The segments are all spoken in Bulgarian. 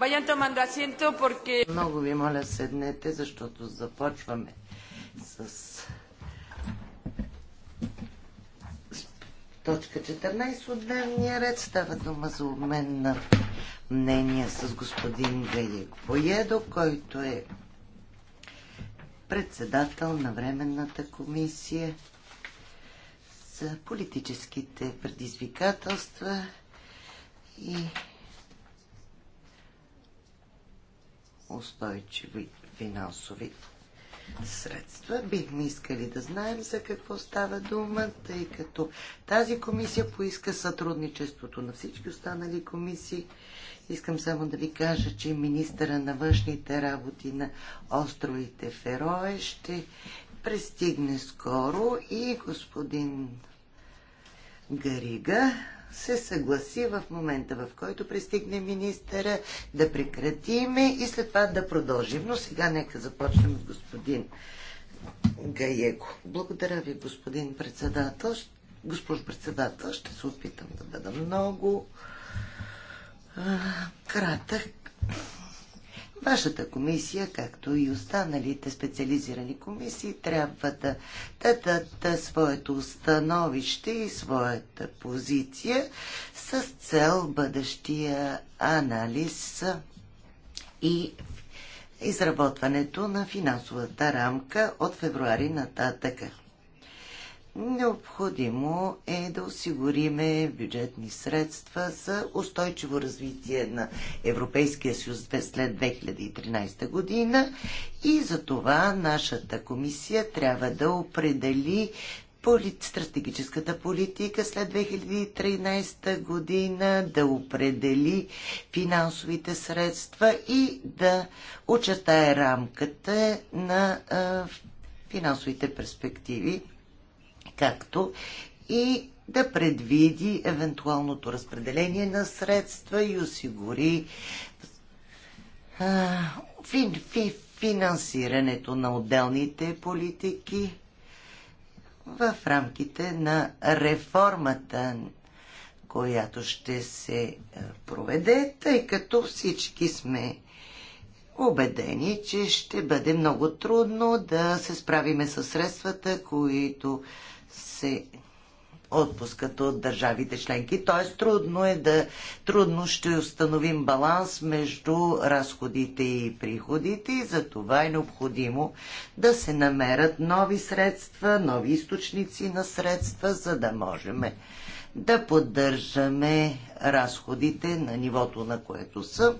Vayan tomando asiento porque... Много ви моля седнете, защото започваме с точка 14 от дневния ред. Става дума за обмен на мнения с господин Велик Поедо, който е председател на Временната комисия за политическите предизвикателства и устойчиви финансови средства. Бихме искали да знаем за какво става дума, тъй като тази комисия поиска сътрудничеството на всички останали комисии. Искам само да ви кажа, че министъра на външните работи на островите Ферое ще пристигне скоро и господин Гарига се съгласи в момента, в който пристигне министъра, да прекратиме и след това да продължим. Но сега нека започнем с господин Гаеко. Благодаря ви, господин председател. Госпожо председател, ще се опитам да бъда много а, кратък. Вашата комисия, както и останалите специализирани комисии, трябва да дадат своето установище и своята позиция с цел бъдещия анализ и изработването на финансовата рамка от февруари нататъка. Необходимо е да осигуриме бюджетни средства за устойчиво развитие на Европейския съюз след 2013 година и за това нашата комисия трябва да определи стратегическата политика след 2013 година, да определи финансовите средства и да очертае рамката на финансовите перспективи както и да предвиди евентуалното разпределение на средства и осигури финансирането на отделните политики в рамките на реформата, която ще се проведе, тъй като всички сме убедени, че ще бъде много трудно да се справиме с средствата, които се отпускат от държавите членки. Т.е. трудно е да трудно ще установим баланс между разходите и приходите и за това е необходимо да се намерят нови средства, нови източници на средства, за да можем да поддържаме разходите на нивото, на което са.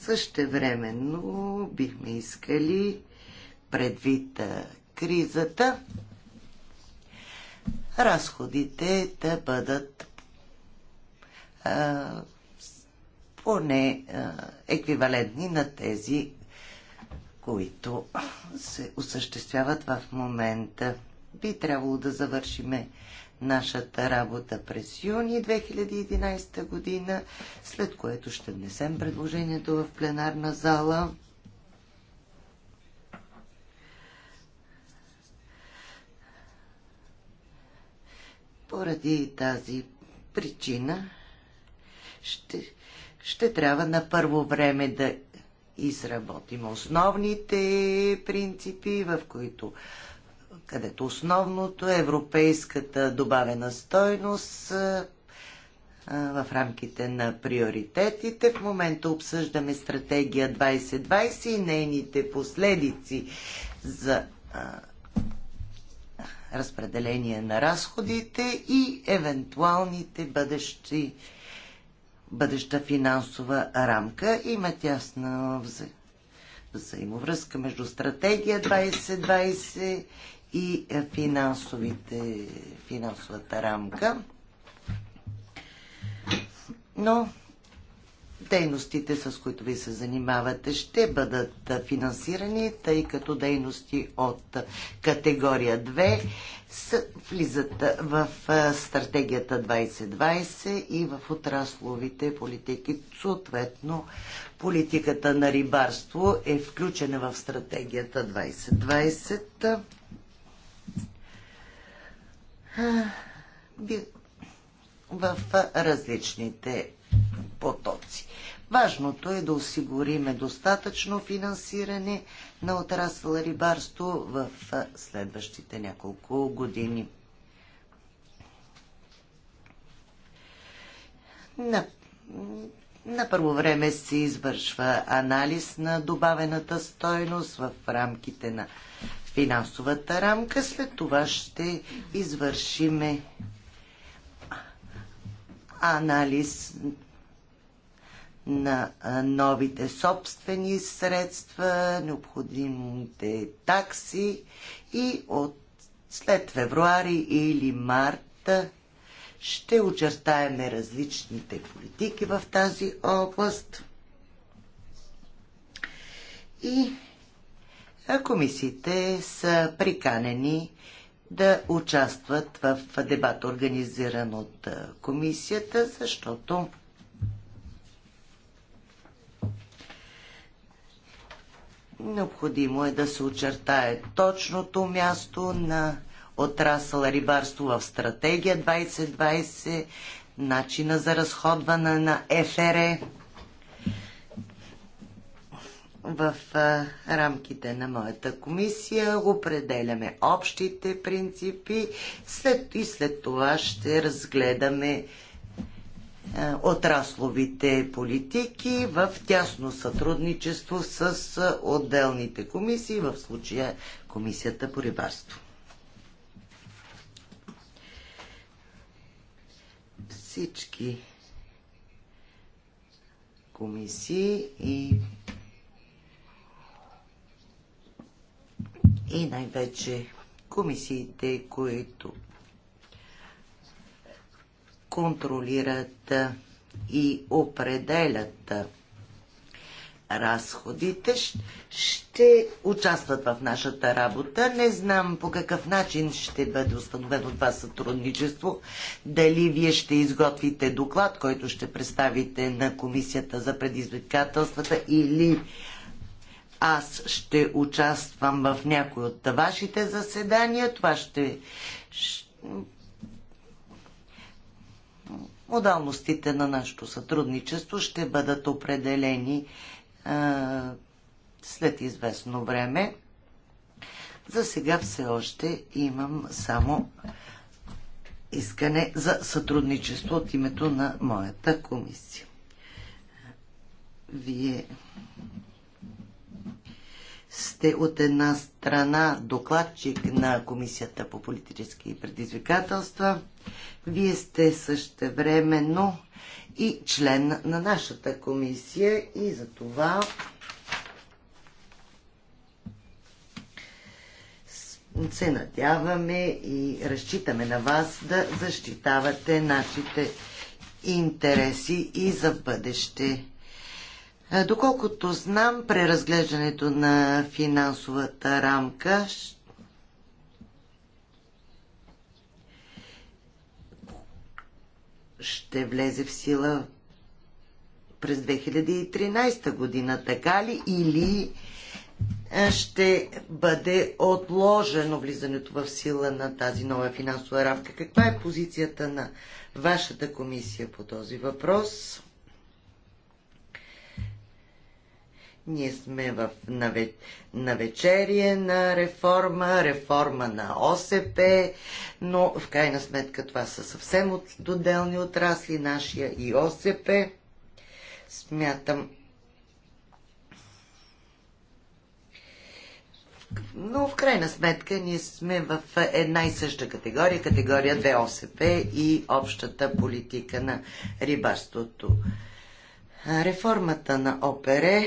Същевременно бихме искали предвид кризата, разходите да бъдат а, поне а, еквивалентни на тези, които се осъществяват в момента. Би трябвало да завършиме нашата работа през юни 2011 година, след което ще внесем предложението в пленарна зала Поради тази причина ще, ще трябва на първо време да изработим основните принципи, в които където основното е европейската добавена стойност в рамките на приоритетите. В момента обсъждаме стратегия 2020 и нейните последици за а, разпределение на разходите и евентуалните бъдещи, бъдеща финансова рамка. Има тясна вза... взаимовръзка между стратегия 2020 и финансовите, финансовата рамка. Но дейностите, с които ви се занимавате, ще бъдат финансирани, тъй като дейности от категория 2 са, влизат в стратегията 2020 и в отрасловите политики. Съответно, политиката на рибарство е включена в стратегията 2020. В различните потоци. Важното е да осигуриме достатъчно финансиране на отрасъл рибарство в следващите няколко години. На, на първо време се извършва анализ на добавената стойност в рамките на финансовата рамка. След това ще извършиме анализ на новите собствени средства, необходимите такси и от след февруари или март ще очертаеме различните политики в тази област. И комисиите са приканени да участват в дебат, организиран от комисията, защото необходимо е да се очертае точното място на отрасъл рибарство в стратегия 2020, начина за разходване на ФРЕ в рамките на моята комисия определяме общите принципи след, и след това ще разгледаме отрасловите политики в тясно сътрудничество с отделните комисии, в случая Комисията по рибарство. Всички комисии и и най-вече комисиите, които контролират и определят разходите, ще участват в нашата работа. Не знам по какъв начин ще бъде установено това сътрудничество. Дали вие ще изготвите доклад, който ще представите на Комисията за предизвикателствата или аз ще участвам в някои от вашите заседания. Това ще... Модалностите на нашето сътрудничество ще бъдат определени а, след известно време. За сега все още имам само искане за сътрудничество от името на моята комисия. Вие сте от една страна докладчик на Комисията по политически предизвикателства. Вие сте същевременно и член на нашата комисия и за това се надяваме и разчитаме на вас да защитавате нашите интереси и за бъдеще. Е, доколкото знам, преразглеждането на финансовата рамка ще влезе в сила през 2013 година, така ли? Или е, ще бъде отложено влизането в сила на тази нова финансова рамка? Каква е позицията на вашата комисия по този въпрос? Ние сме в навечерие на реформа, реформа на ОСП, но в крайна сметка това са съвсем от... отделни отрасли, нашия и ОСП. Смятам, Но в крайна сметка ние сме в една и съща категория, категория 2 ОСП и общата политика на рибарството. Реформата на ОПР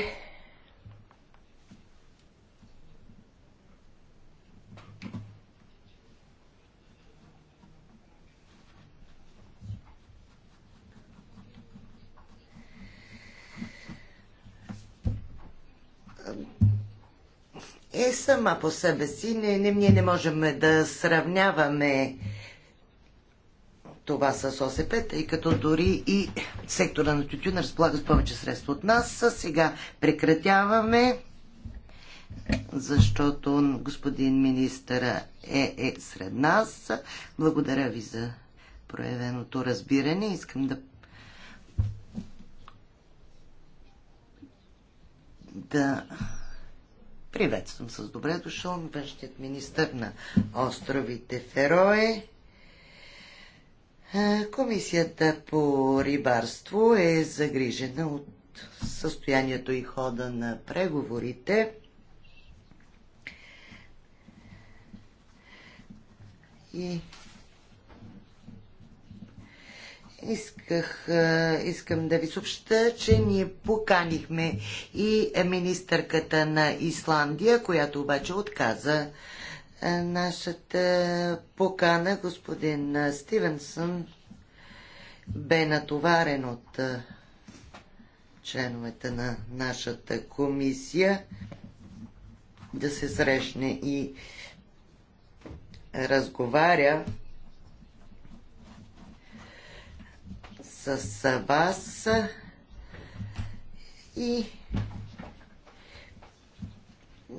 е сама по себе си. Не, не, ние не можем да сравняваме това с ОСП, тъй като дори и сектора на тютюна разполага с повече средства от нас. Сега прекратяваме, защото господин министъра е, е сред нас. Благодаря ви за проявеното разбиране. Искам да да Приветствам с добре дошъл външният министър на островите Ферое. Комисията по рибарство е загрижена от състоянието и хода на преговорите. И Исках, искам да ви съобща, че ние поканихме и министърката на Исландия, която обаче отказа нашата покана. Господин Стивенсън бе натоварен от членовете на нашата комисия да се срещне и разговаря с вас и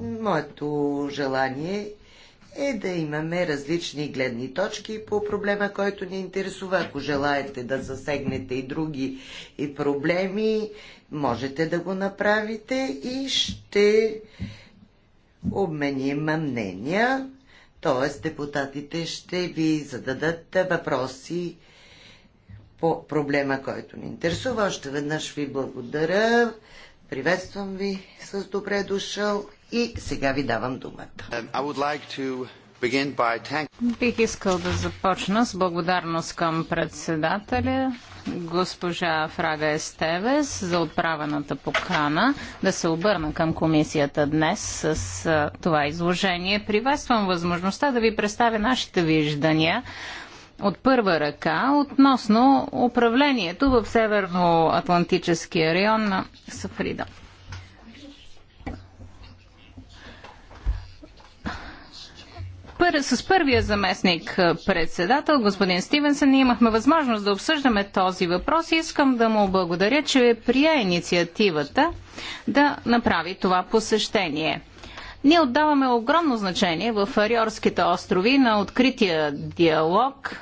моето желание е да имаме различни гледни точки по проблема, който ни интересува. Ако желаете да засегнете и други и проблеми, можете да го направите и ще обменим мнения. Т.е. депутатите ще ви зададат въпроси по проблема, който ни интересува. Още веднъж ви благодаря. Приветствам ви с добре дошъл и сега ви давам думата. Бих искал да започна с благодарност към председателя, госпожа Фрага Естевес, за отправената покана да се обърна към комисията днес с това изложение. Приветствам възможността да ви представя нашите виждания от първа ръка относно управлението в Северно-Атлантическия район на Сафрида. Пър, с първия заместник председател, господин Стивенсън, ние имахме възможност да обсъждаме този въпрос и искам да му благодаря, че е прие инициативата да направи това посещение. Ние отдаваме огромно значение в Ариорските острови на открития диалог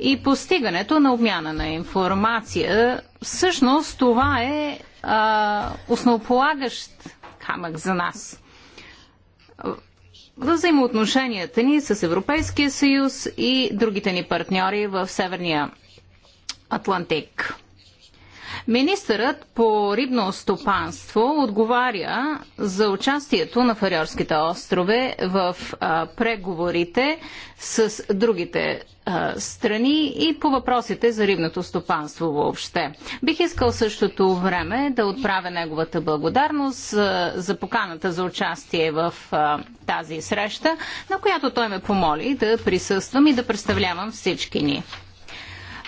и постигането на обмяна на информация. Всъщност това е а, основополагащ камък за нас. В взаимоотношенията ни с Европейския съюз и другите ни партньори в Северния Атлантик. Министърът по рибно стопанство отговаря за участието на Фариорските острове в а, преговорите с другите а, страни и по въпросите за рибното стопанство въобще. Бих искал същото време да отправя неговата благодарност а, за поканата за участие в а, тази среща, на която той ме помоли да присъствам и да представлявам всички ни.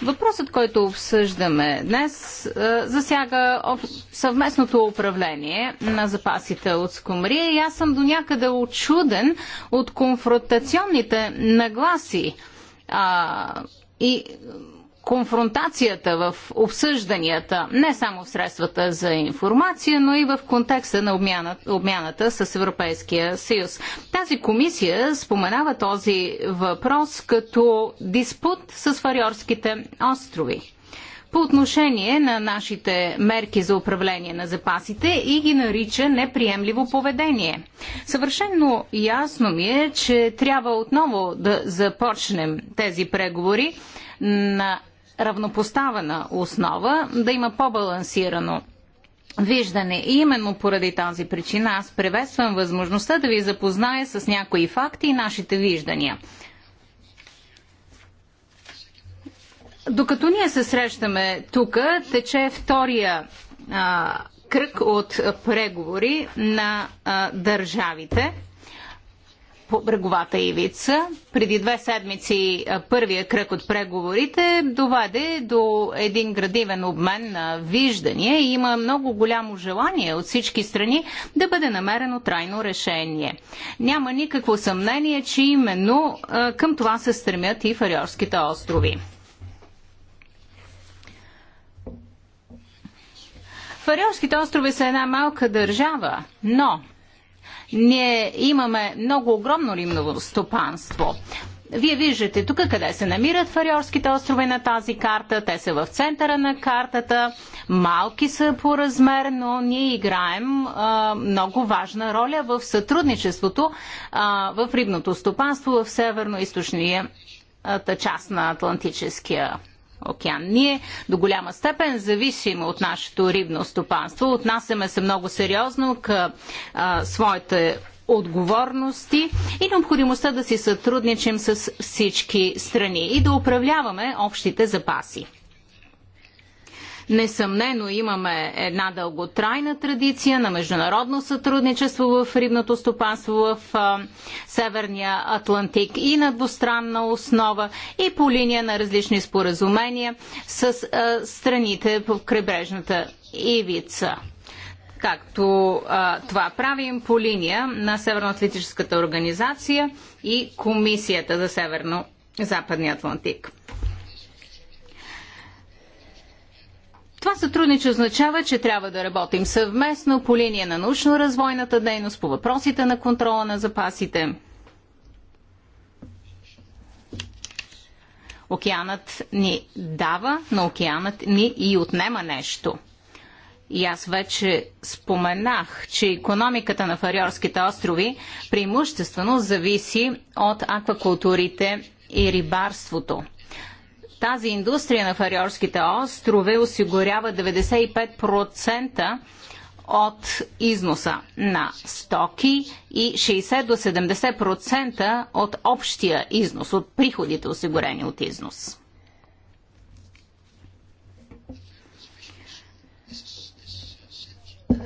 Въпросът, който обсъждаме днес, е, засяга съвместното управление на запасите от скумрия и аз съм до някъде очуден от конфронтационните нагласи. А, и конфронтацията в обсъжданията, не само в средствата за информация, но и в контекста на обмяната, обмяната с Европейския съюз. Тази комисия споменава този въпрос като диспут с Фариорските острови по отношение на нашите мерки за управление на запасите и ги нарича неприемливо поведение. Съвършенно ясно ми е, че трябва отново да започнем тези преговори на равнопоставена основа, да има по-балансирано виждане. И именно поради тази причина аз приветствам възможността да ви запозная с някои факти и нашите виждания. Докато ние се срещаме тук, тече втория а, кръг от преговори на а, държавите по бреговата ивица. Преди две седмици първия кръг от преговорите доведе до един градивен обмен на виждания и има много голямо желание от всички страни да бъде намерено трайно решение. Няма никакво съмнение, че именно към това се стремят и Фариорските острови. Фариорските острови са една малка държава, но ние имаме много огромно римно стопанство. Вие виждате тук къде се намират Фариорските острови на тази карта. Те са в центъра на картата. Малки са по размер, но ние играем а, много важна роля в сътрудничеството а, в рибното стопанство в северно-источния част на Атлантическия океан. Ние до голяма степен зависим от нашето рибно стопанство. Отнасяме се много сериозно към а, своите отговорности и необходимостта да си сътрудничим с всички страни и да управляваме общите запаси. Несъмнено имаме една дълготрайна традиция на международно сътрудничество в рибното стопанство в а, Северния Атлантик и на двустранна основа и по линия на различни споразумения с а, страните в крайбрежната ивица както а, това правим по линия на Северно-Атлантическата организация и Комисията за Северно-Западния Атлантик. Това сътрудничество означава, че трябва да работим съвместно по линия на научно-развойната дейност, по въпросите на контрола на запасите. Океанът ни дава, но океанът ни и отнема нещо. И аз вече споменах, че економиката на Фариорските острови преимуществено зависи от аквакултурите и рибарството. Тази индустрия на Фариорските острове осигурява 95% от износа на стоки и 60 до 70% от общия износ, от приходите осигурени от износ.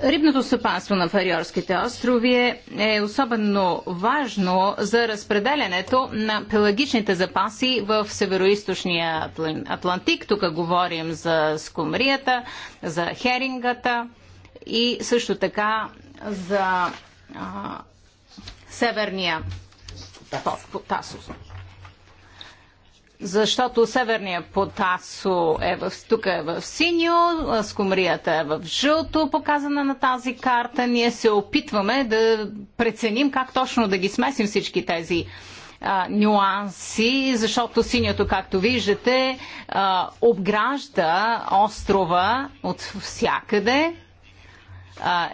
Рибното стопанство на Фариорските острови е, е особено важно за разпределянето на пелагичните запаси в Североизточния Атлантик. Тук говорим за скумрията, за херингата и също така за а, северния Тасос защото Северния Потасо е в, тук е в синьо, скумрията е в жълто, показана на тази карта. Ние се опитваме да преценим как точно да ги смесим всички тези а, нюанси, защото синьото, както виждате, а, обгражда острова от всякъде. А,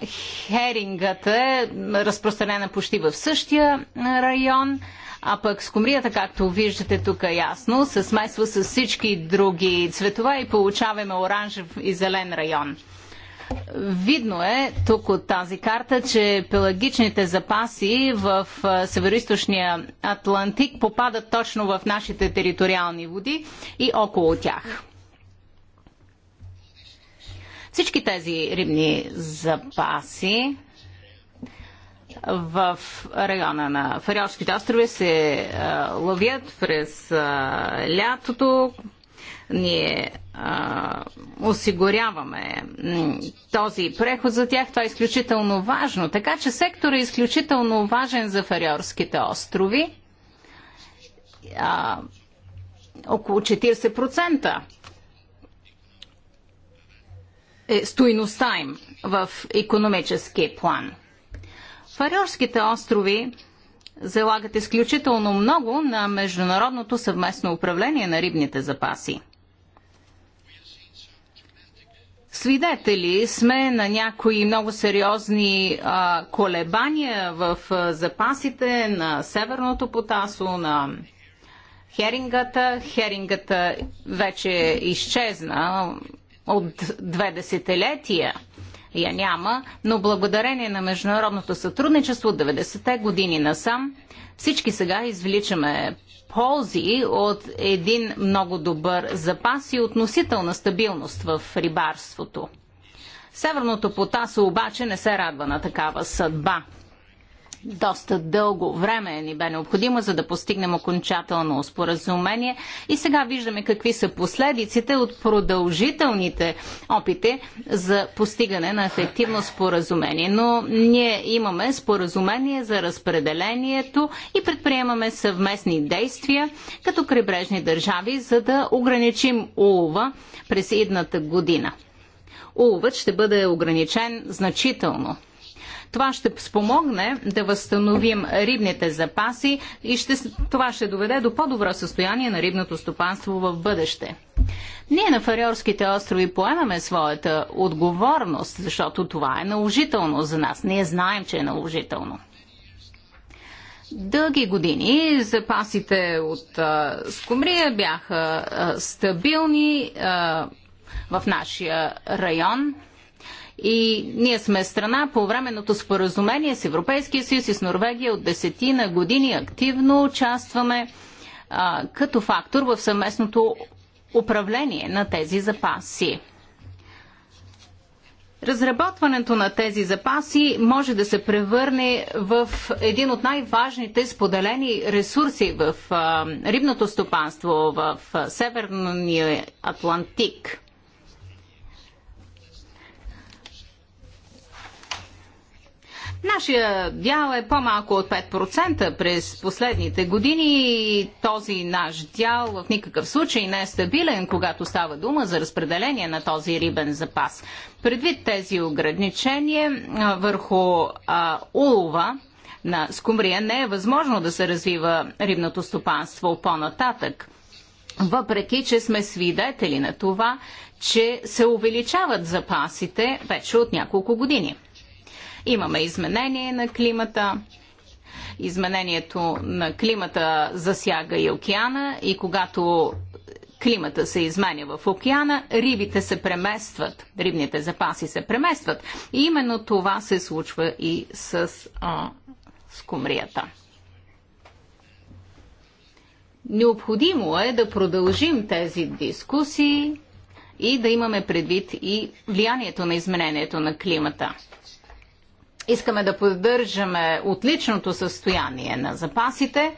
херингът е разпространена почти в същия район. А пък скумрията, както виждате тук е ясно, се смесва с всички други цветове и получаваме оранжев и зелен район. Видно е тук от тази карта, че пелагичните запаси в северо Атлантик попадат точно в нашите териториални води и около тях. Всички тези рибни запаси в района на Фариалските острови се а, ловят през а, лятото. Ние а, осигуряваме този преход за тях. Това е изключително важно. Така че сектор е изключително важен за Фариорските острови. А, около 40% е стойността им в економически план – Фарерските острови залагат изключително много на международното съвместно управление на рибните запаси. Свидетели сме на някои много сериозни а, колебания в а, запасите на Северното потасо, на херингата. Херингата вече е изчезна от две десетилетия – я няма, но благодарение на международното сътрудничество от 90-те години насам, всички сега извличаме ползи от един много добър запас и относителна стабилност в рибарството. Северното потасо обаче не се радва на такава съдба – доста дълго време ни бе необходимо, за да постигнем окончателно споразумение. И сега виждаме какви са последиците от продължителните опити за постигане на ефективно споразумение. Но ние имаме споразумение за разпределението и предприемаме съвместни действия като крайбрежни държави, за да ограничим улова през идната година. Уловът ще бъде ограничен значително – това ще спомогне да възстановим рибните запаси и ще, това ще доведе до по-добро състояние на рибното стопанство в бъдеще. Ние на Фариорските острови поемаме своята отговорност, защото това е наложително за нас. Ние знаем, че е наложително дълги години запасите от а, скумрия бяха а, стабилни а, в нашия район. И ние сме страна по временното споразумение с Европейския съюз и с Норвегия от десетина години активно участваме а, като фактор в съвместното управление на тези запаси. Разработването на тези запаси може да се превърне в един от най-важните споделени ресурси в а, рибното стопанство в Северния Атлантик. Нашия дял е по-малко от 5% през последните години и този наш дял в никакъв случай не е стабилен, когато става дума за разпределение на този рибен запас. Предвид тези ограничения върху а, улова, на скумрия не е възможно да се развива рибното стопанство по-нататък. Въпреки, че сме свидетели на това, че се увеличават запасите вече от няколко години. Имаме изменение на климата. Изменението на климата засяга и океана и когато климата се изменя в океана, рибите се преместват, рибните запаси се преместват. И именно това се случва и с а, скумрията. Необходимо е да продължим тези дискусии и да имаме предвид и влиянието на изменението на климата. Искаме да поддържаме отличното състояние на запасите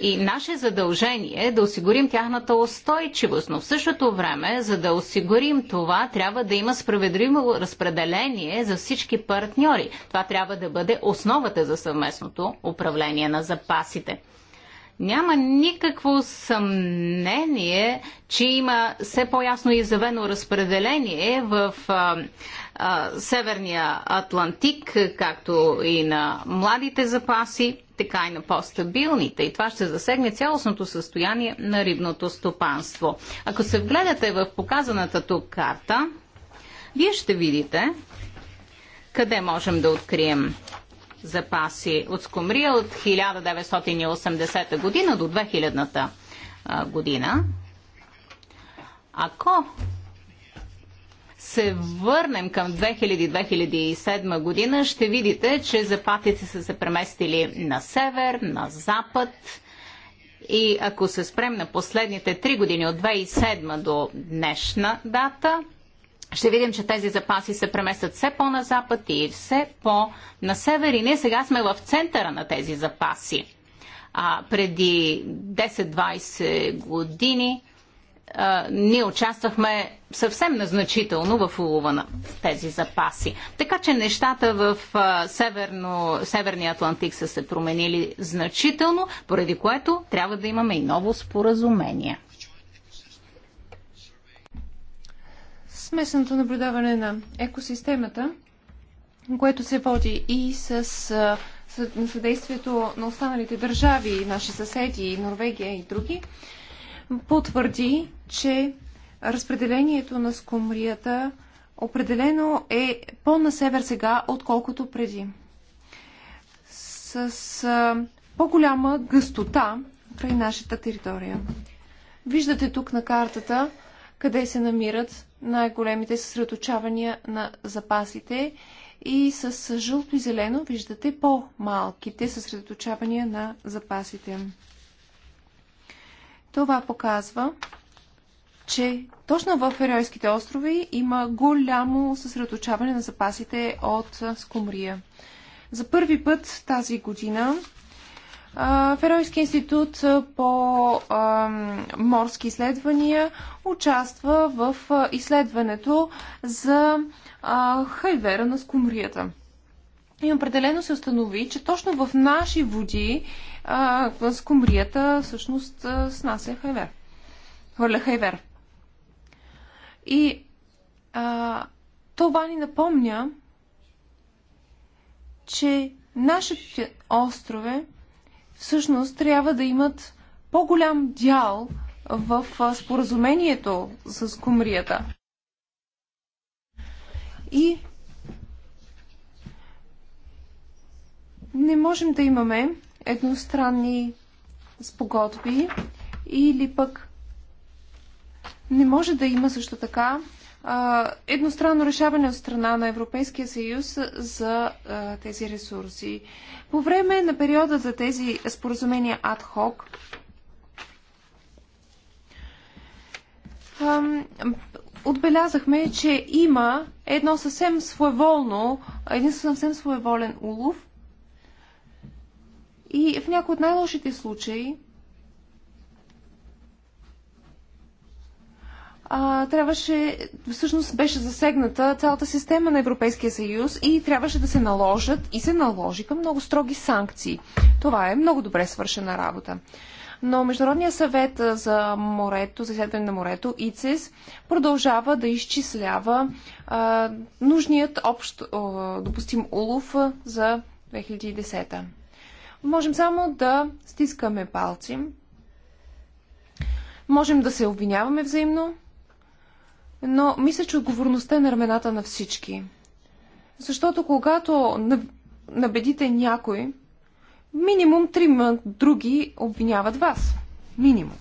и наше задължение е да осигурим тяхната устойчивост, но в същото време, за да осигурим това, трябва да има справедливо разпределение за всички партньори. Това трябва да бъде основата за съвместното управление на запасите няма никакво съмнение, че има все по-ясно изявено разпределение в а, а, Северния Атлантик, както и на младите запаси, така и на по-стабилните. И това ще засегне цялостното състояние на рибното стопанство. Ако се вгледате в показаната тук карта, вие ще видите къде можем да открием запаси от скумрия от 1980 година до 2000 година. Ако се върнем към 2000-2007 година, ще видите, че запатите са се преместили на север, на запад. И ако се спрем на последните 3 години от 2007 до днешна дата, ще видим, че тези запаси се преместят все по-на запад и все по-на север. И ние сега сме в центъра на тези запаси. А преди 10-20 години а, ние участвахме съвсем незначително в улова на тези запаси. Така че нещата в а, северно, Северния Атлантик са се променили значително, поради което трябва да имаме и ново споразумение. Смесеното наблюдаване на екосистемата, което се води и с съдействието на останалите държави, наши съседи, Норвегия и други, потвърди че разпределението на скумрията определено е по-на север сега, отколкото преди. С, с по-голяма гъстота край нашата територия. Виждате тук на картата къде се намират най-големите съсредоточавания на запасите и с жълто и зелено виждате по-малките съсредоточавания на запасите. Това показва, че точно в Феройските острови има голямо съсредоточаване на запасите от скумрия. За първи път тази година Феройски институт по морски изследвания участва в изследването за хайвера на скумрията. И определено се установи, че точно в наши води скумрията всъщност снася хайвер. Хвърля хайвер. И а, това ни напомня, че нашите острове всъщност трябва да имат по-голям дял в споразумението с Кумрията. И не можем да имаме едностранни спогодби или пък не може да има също така едностранно решаване от страна на Европейския съюз за тези ресурси. По време на периода за тези споразумения ад-хок, отбелязахме, че има едно съвсем своеволно, един съвсем своеволен улов и в някои от най-лошите случаи а, трябваше, всъщност беше засегната цялата система на Европейския съюз и трябваше да се наложат и се наложиха много строги санкции. Това е много добре свършена работа. Но Международният съвет за морето, за изследване на морето, ИЦЕС, продължава да изчислява а, нужният общ а, допустим улов за 2010. -та. Можем само да стискаме палци, можем да се обвиняваме взаимно, но мисля, че отговорността е на рамената на всички. Защото когато набедите някой, минимум три други обвиняват вас. Минимум.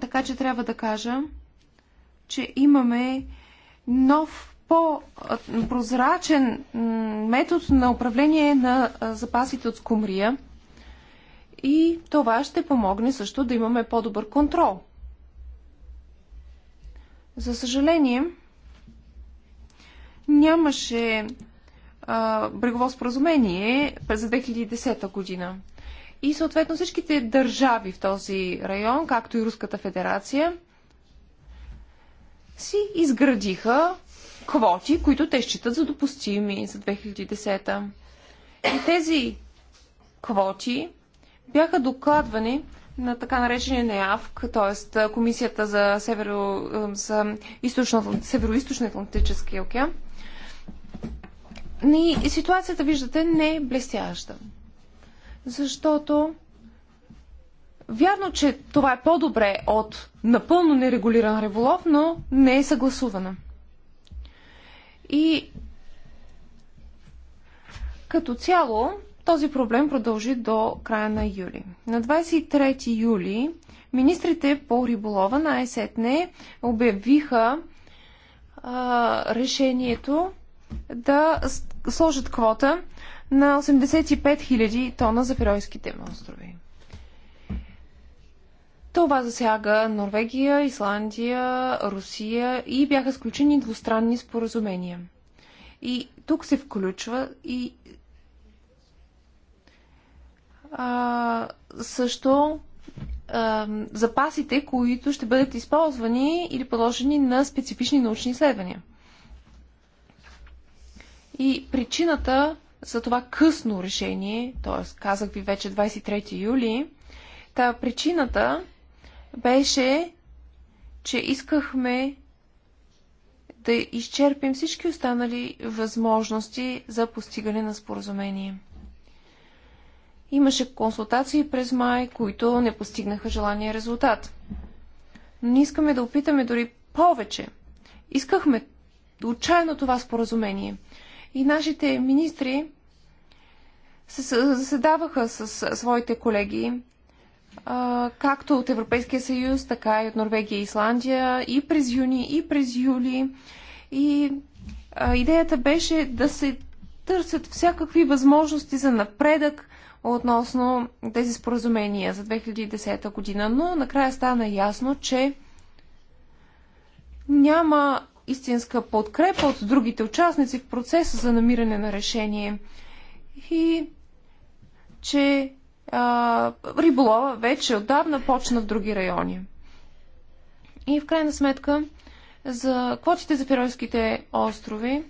Така че трябва да кажа, че имаме нов по-прозрачен метод на управление на запасите от скумрия – и това ще помогне също да имаме по-добър контрол. За съжаление, нямаше а, брегово споразумение през 2010 година. И съответно всичките държави в този район, както и Руската федерация, си изградиха квоти, които те считат за допустими за 2010. И тези квоти бяха докладвани на така наречения НЕАВК, т.е. Комисията за, северо, за Северо-Источно Атлантическия океан. И ситуацията, виждате, не е блестяща. Защото вярно, че това е по-добре от напълно нерегулиран револов, но не е съгласувана. И като цяло този проблем продължи до края на юли. На 23 юли министрите по риболова на ЕСЕТНЕ обявиха а, решението да сложат квота на 85 000 тона за Феройските острови. Това засяга Норвегия, Исландия, Русия и бяха сключени двустранни споразумения. И тук се включва и а, също а, запасите, които ще бъдат използвани или подложени на специфични научни изследвания. И причината за това късно решение, т.е. казах ви вече 23 юли, та причината беше, че искахме да изчерпим всички останали възможности за постигане на споразумение. Имаше консултации през май, които не постигнаха желания резултат. Но не искаме да опитаме дори повече. Искахме отчаяно това споразумение. И нашите министри се заседаваха с своите колеги, както от Европейския съюз, така и от Норвегия и Исландия, и през юни, и през юли. И идеята беше да се търсят всякакви възможности за напредък относно тези споразумения за 2010 година, но накрая стана ясно, че няма истинска подкрепа от другите участници в процеса за намиране на решение и че а, риболова вече отдавна почна в други райони. И в крайна сметка за квотите за Феройските острови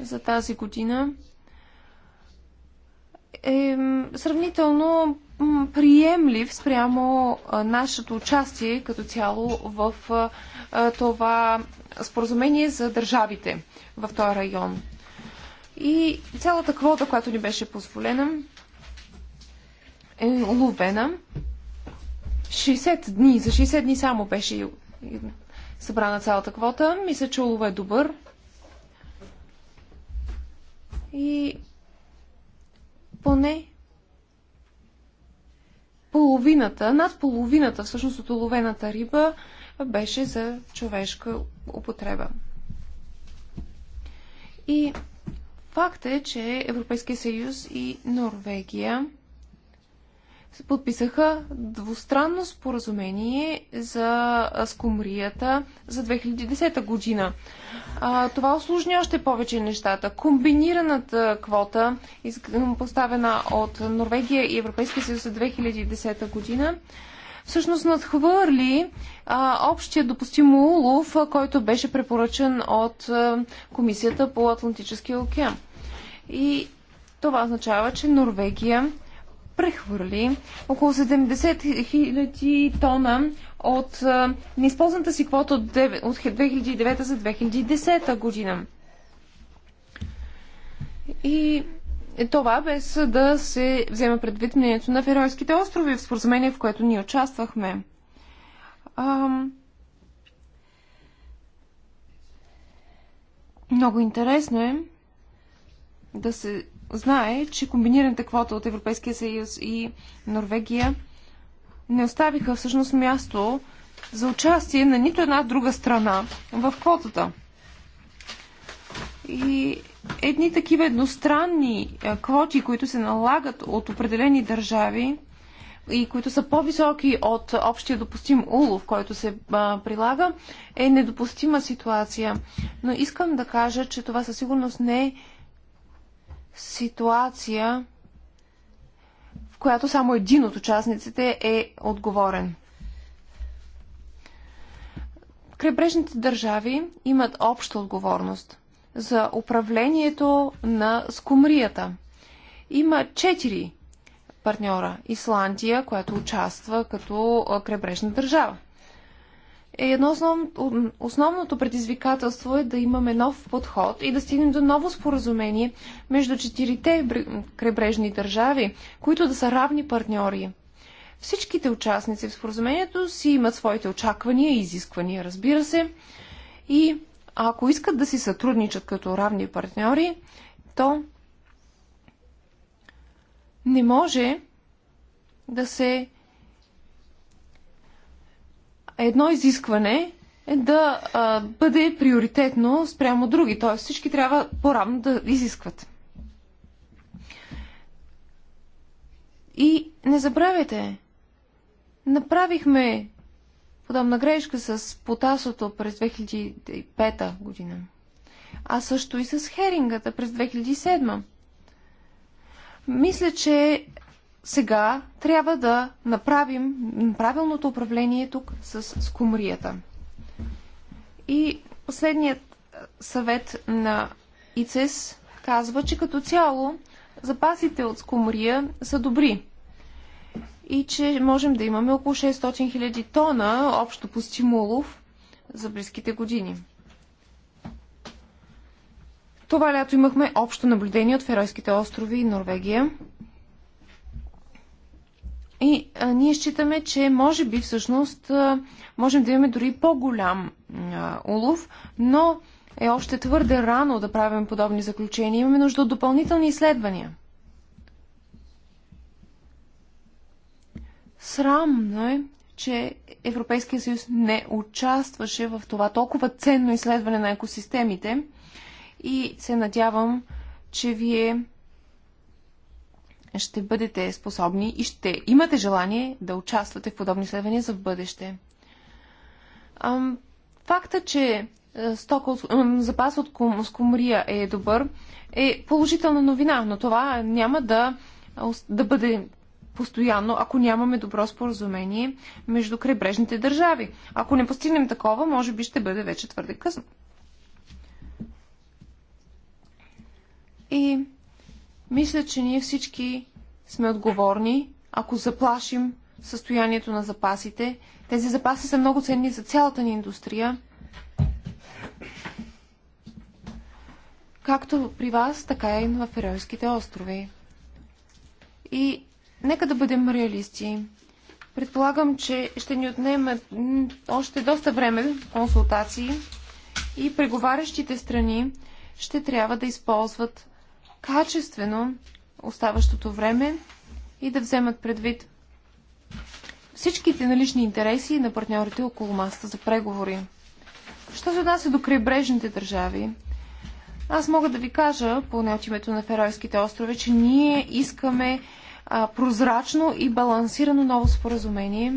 за тази година е сравнително приемлив спрямо нашето участие като цяло в това споразумение за държавите в този район. И цялата квота, която ни беше позволена, е уловена. 60 дни, за 60 дни само беше събрана цялата квота. Мисля, че улова е добър. И поне половината, над половината всъщност от уловената риба беше за човешка употреба. И факт е, че Европейския съюз и Норвегия подписаха двустранно споразумение за скумрията за 2010 година. А, това осложни още повече нещата. Комбинираната квота, поставена от Норвегия и Европейския съюз за 2010 година, всъщност надхвърли а, общия допустим улов, който беше препоръчен от а, Комисията по Атлантическия океан. И това означава, че Норвегия прехвърли около 70 000 тона от неизползната си квота от 2009 за 2010 година. И това без да се взема предвид мнението на Феройските острови в споразумение, в което ние участвахме. Ам... Много интересно е да се знае, че комбинираната квота от Европейския съюз и Норвегия не оставиха всъщност място за участие на нито една друга страна в квотата. И едни такива едностранни е, квоти, които се налагат от определени държави и които са по-високи от общия допустим улов, който се прилага, е недопустима ситуация. Но искам да кажа, че това със сигурност не е ситуация, в която само един от участниците е отговорен. Крайбрежните държави имат обща отговорност за управлението на скумрията. Има четири партньора. Исландия, която участва като крайбрежна държава е едно основно, основното предизвикателство е да имаме нов подход и да стигнем до ново споразумение между четирите крайбрежни държави, които да са равни партньори. Всичките участници в споразумението си имат своите очаквания и изисквания, разбира се. И ако искат да си сътрудничат като равни партньори, то не може да се едно изискване е да а, бъде приоритетно спрямо други, т.е. всички трябва по-равно да изискват. И не забравяйте, направихме подобна грешка с потасото през 2005 година, а също и с херингата през 2007. Мисля, че сега трябва да направим правилното управление тук с скумрията. И последният съвет на ИЦЕС казва, че като цяло запасите от скумрия са добри и че можем да имаме около 600 000 тона общо по стимулов за близките години. Това лято имахме общо наблюдение от Феройските острови и Норвегия и а, ние считаме, че може би всъщност а, можем да имаме дори по-голям улов, но е още твърде рано да правим подобни заключения. Имаме нужда от допълнителни изследвания. Срамно е, че Европейския съюз не участваше в това толкова ценно изследване на екосистемите и се надявам, че вие ще бъдете способни и ще имате желание да участвате в подобни изследвания за в бъдеще. Факта, че е, стока от, запас от скумрия е добър, е положителна новина, но това няма да, да бъде постоянно, ако нямаме добро споразумение между крайбрежните държави. Ако не постигнем такова, може би ще бъде вече твърде късно. И мисля, че ние всички сме отговорни, ако заплашим състоянието на запасите. Тези запаси са много ценни за цялата ни индустрия. Както при вас, така и в Ферелските острови. И нека да бъдем реалисти. Предполагам, че ще ни отнеме още доста време консултации и преговарящите страни ще трябва да използват качествено оставащото време и да вземат предвид всичките налични интереси на партньорите около масата за преговори. Що се отнася до крайбрежните държави, аз мога да ви кажа, поне от името на Феройските острови, че ние искаме а, прозрачно и балансирано ново споразумение,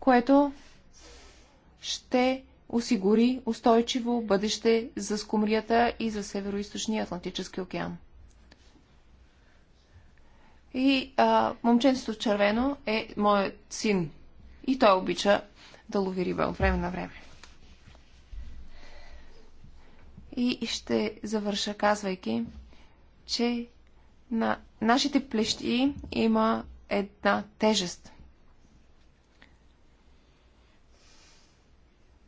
което ще осигури устойчиво бъдеще за Скумрията и за Северо-Источния Атлантически океан. И а, момченцето в червено е моят син. И той обича да лови риба от време на време. И ще завърша казвайки, че на нашите плещи има една тежест.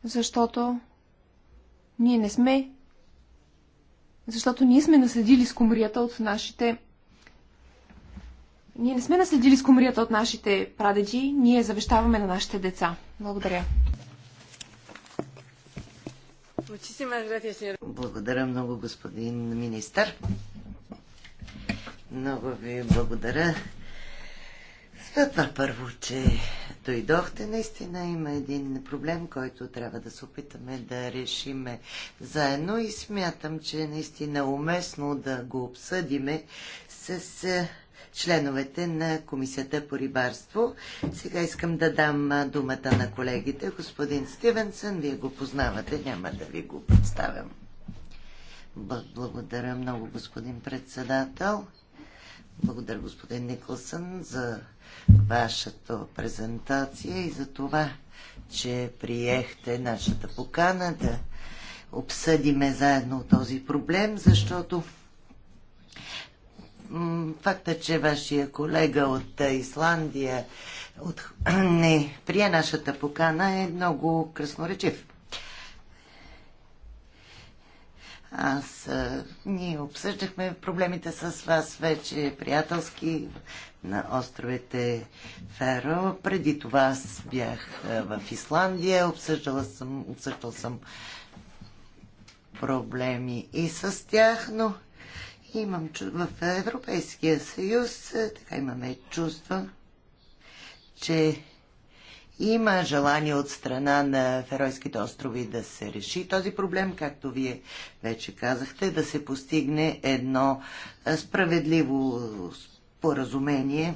защото ние не сме, защото ние сме наследили скумрията от нашите ние не сме наследили скумрията от нашите прадеди, ние завещаваме на нашите деца. Благодаря. Благодаря много, господин министър. Много ви благодаря това първо, че дойдохте. Наистина има един проблем, който трябва да се опитаме да решиме заедно и смятам, че е наистина уместно да го обсъдиме с членовете на Комисията по рибарство. Сега искам да дам думата на колегите. Господин Стивенсън, вие го познавате, няма да ви го представям. Благодаря много, господин председател. Благодаря, господин Николсън, за вашата презентация и за това, че приехте нашата покана да обсъдиме заедно този проблем, защото факта, че вашия колега от Исландия от... не прие нашата покана е много красноречив. Аз, а, ние обсъждахме проблемите с вас вече приятелски на островете Феро. Преди това аз бях а, в Исландия, обсъждала съм, обсъждал съм проблеми и с тях, но имам в Европейския съюз, така имаме чувство, че има желание от страна на Феройските острови да се реши този проблем, както вие вече казахте, да се постигне едно справедливо споразумение.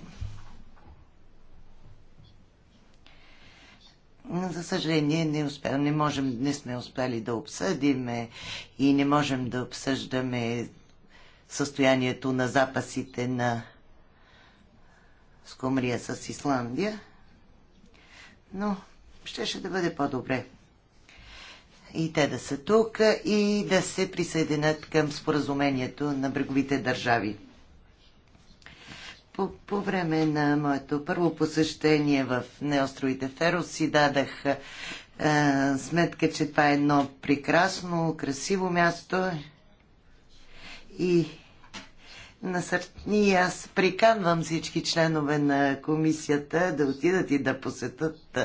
За съжаление, не, успя, не, можем, не сме успели да обсъдиме и не можем да обсъждаме състоянието на запасите на скумрия с Исландия но щеше да бъде по-добре и те да са тук и да се присъединят към споразумението на бреговите държави. По, по време на моето първо посещение в неостровите Ферос си дадах е, сметка, че това е едно прекрасно, красиво място и насър... и аз приканвам всички членове на комисията да отидат и да посетат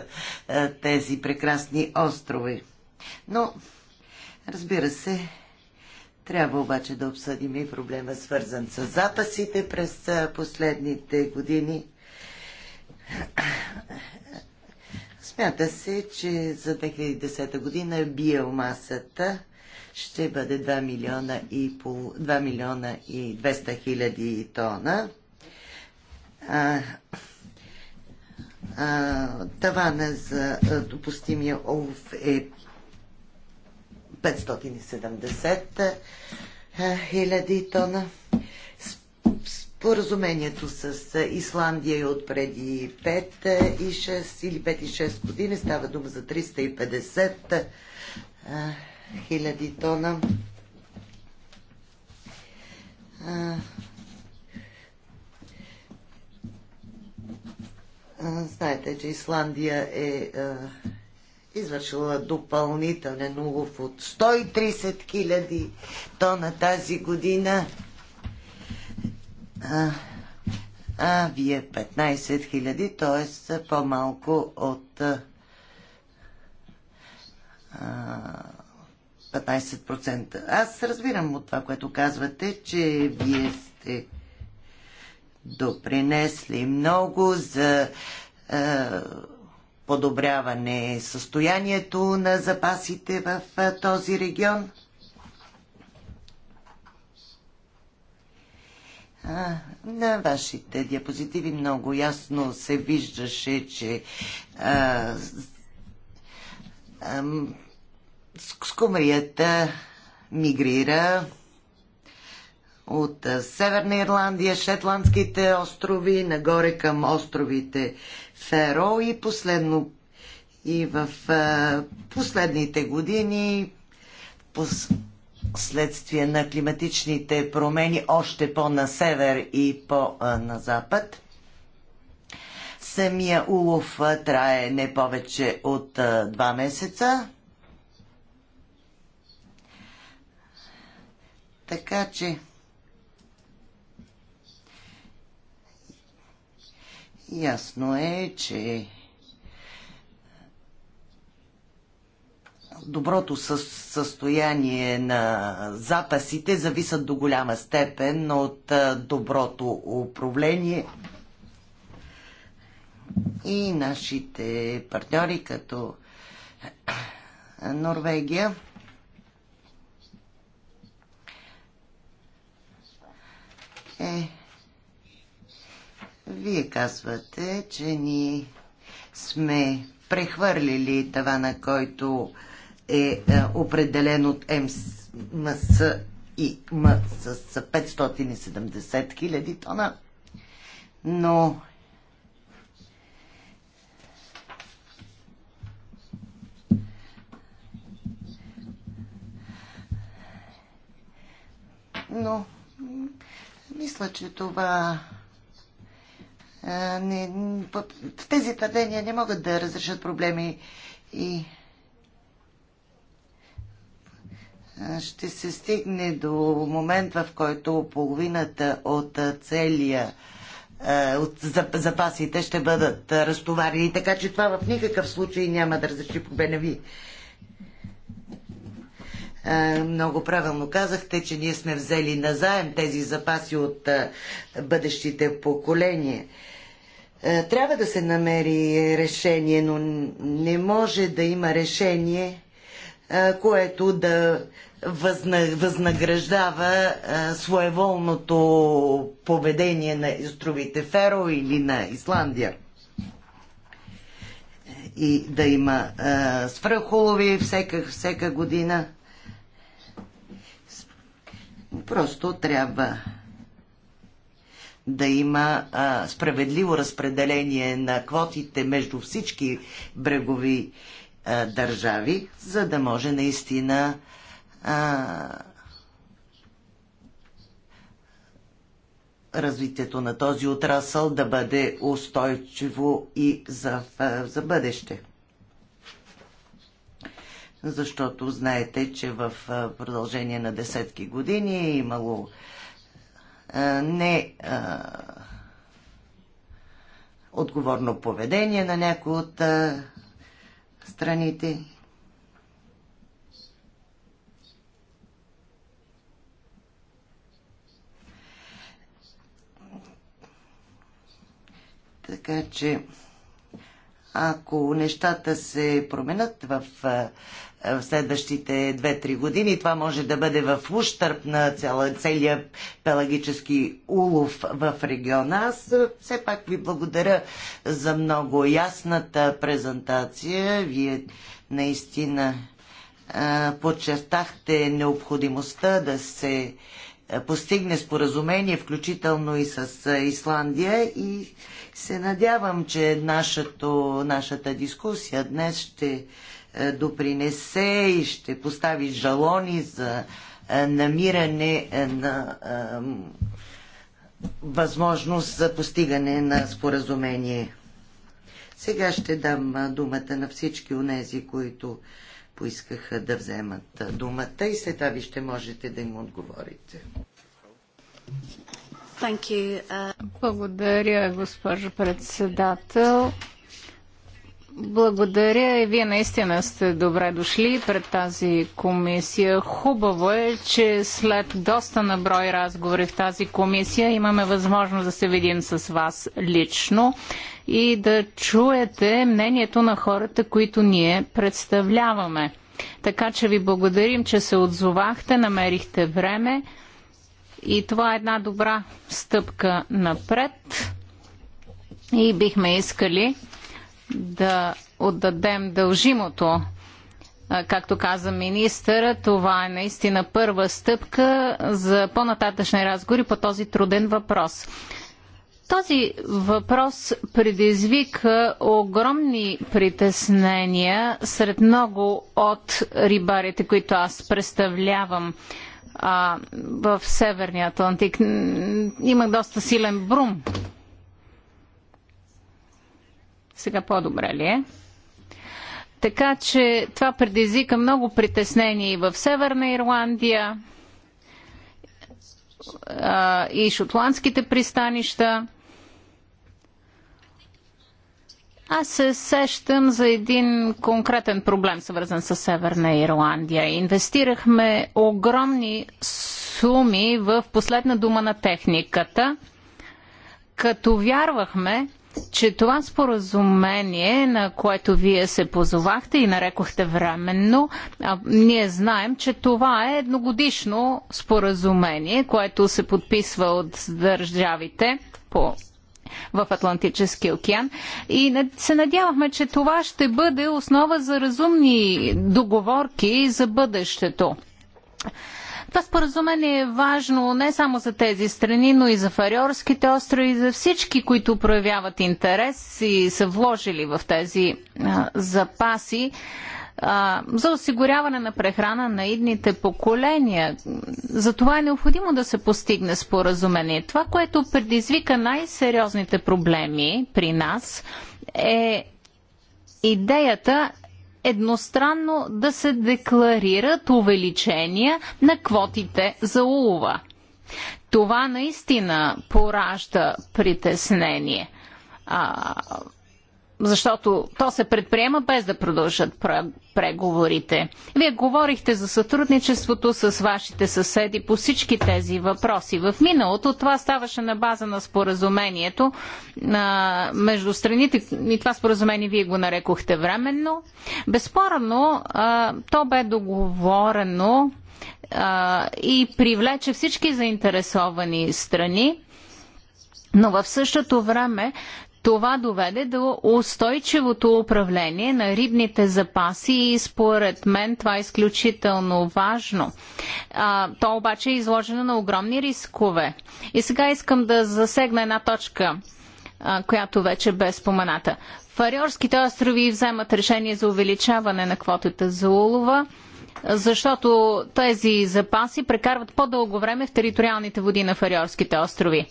а, тези прекрасни острови. Но, разбира се, трябва обаче да обсъдим и проблема свързан с запасите през последните години. Смята се, че за 2010 година биомасата ще бъде 2 милиона и, пол, 2 милиона и 200 хиляди тона. А, а, тавана за допустимия олов е 570 хиляди тона. Споразумението с Исландия е от преди 5 и 6 или 5 и 6 години. Става дума за 350 хиляди тона. знаете, че Исландия е извършила допълнителен улов от 130 хиляди тона тази година. А, а вие 15 хиляди, т.е. по-малко от а, 15%. Аз разбирам от това, което казвате, че вие сте допринесли много за е, подобряване състоянието на запасите в е, този регион. А, на вашите диапозитиви много ясно се виждаше, че е, е, скумрията мигрира от Северна Ирландия, Шетландските острови, нагоре към островите Феро и последно и в а, последните години последствие на климатичните промени още по-на север и по-на запад. Самия улов трае не повече от а, месеца Така че ясно е, че доброто състояние на запасите зависят до голяма степен от доброто управление и нашите партньори като Норвегия Е, вие казвате, че ни сме прехвърлили това, на който е, е определен от МС и М с 570 хиляди тона. Но но мисля, че това не, в тези твърдения не могат да разрешат проблеми и ще се стигне до момент, в който половината от целия от запасите ще бъдат разтоварени, така че това в никакъв случай няма да разреши проблема ви. Е, много правилно казахте, че ние сме взели назаем тези запаси от е, бъдещите поколения. Е, трябва да се намери решение, но не може да има решение, което да възнаграждава своеволното поведение на островите Феро или на Исландия и да има свръхулови всека, всека година. Просто трябва да има а, справедливо разпределение на квотите между всички брегови а, държави, за да може наистина а, развитието на този отрасъл да бъде устойчиво и за, за бъдеще защото знаете, че в продължение на десетки години е имало не отговорно поведение на някои от страните. Така че ако нещата се променят в, в следващите 2-3 години, това може да бъде в ущърп на цяла, целия пелагически улов в региона. Аз все пак ви благодаря за много ясната презентация. Вие наистина подчертахте необходимостта да се е, постигне споразумение, включително и с е, Исландия и се надявам, че нашата, нашата дискусия днес ще е, допринесе и ще постави жалони за намиране на възможност за постигане на споразумение. Сега ще дам думата на всички тези, които поискаха да вземат думата и след това ви ще можете да им отговорите. Uh, Благодаря, госпожо председател. Благодаря и вие наистина сте добре дошли пред тази комисия. Хубаво е, че след доста наброй разговори в тази комисия имаме възможност да се видим с вас лично и да чуете мнението на хората, които ние представляваме. Така че ви благодарим, че се отзовахте, намерихте време и това е една добра стъпка напред. И бихме искали да отдадем дължимото. Както каза министъра, това е наистина първа стъпка за по-нататъчни разговори по този труден въпрос. Този въпрос предизвика огромни притеснения сред много от рибарите, които аз представлявам а, в Северния Атлантик. Имах доста силен брум сега по-добре ли е? Така че това предизвика много притеснение и в Северна Ирландия и шотландските пристанища. Аз се сещам за един конкретен проблем, свързан с Северна Ирландия. Инвестирахме огромни суми в последна дума на техниката, като вярвахме, че това споразумение, на което вие се позовахте и нарекохте временно, а, ние знаем, че това е едногодишно споразумение, което се подписва от държавите по в Атлантическия океан. И се надявахме, че това ще бъде основа за разумни договорки за бъдещето. Това споразумение е важно не само за тези страни, но и за Фариорските острови, за всички, които проявяват интерес и са вложили в тези а, запаси а, за осигуряване на прехрана на идните поколения. За това е необходимо да се постигне споразумение. Това, което предизвика най-сериозните проблеми при нас е идеята едностранно да се декларират увеличения на квотите за улова. Това наистина поражда притеснение. А, защото то се предприема без да продължат преговорите. Вие говорихте за сътрудничеството с вашите съседи по всички тези въпроси. В миналото това ставаше на база на споразумението а, между страните и това споразумение вие го нарекохте временно. Безспорно, а, то бе договорено а, и привлече всички заинтересовани страни. Но в същото време това доведе до устойчивото управление на рибните запаси и според мен това е изключително важно. А, то обаче е изложено на огромни рискове. И сега искам да засегна една точка, а, която вече бе спомената. Фариорските острови вземат решение за увеличаване на квотата за улова защото тези запаси прекарват по-дълго време в териториалните води на Фариорските острови.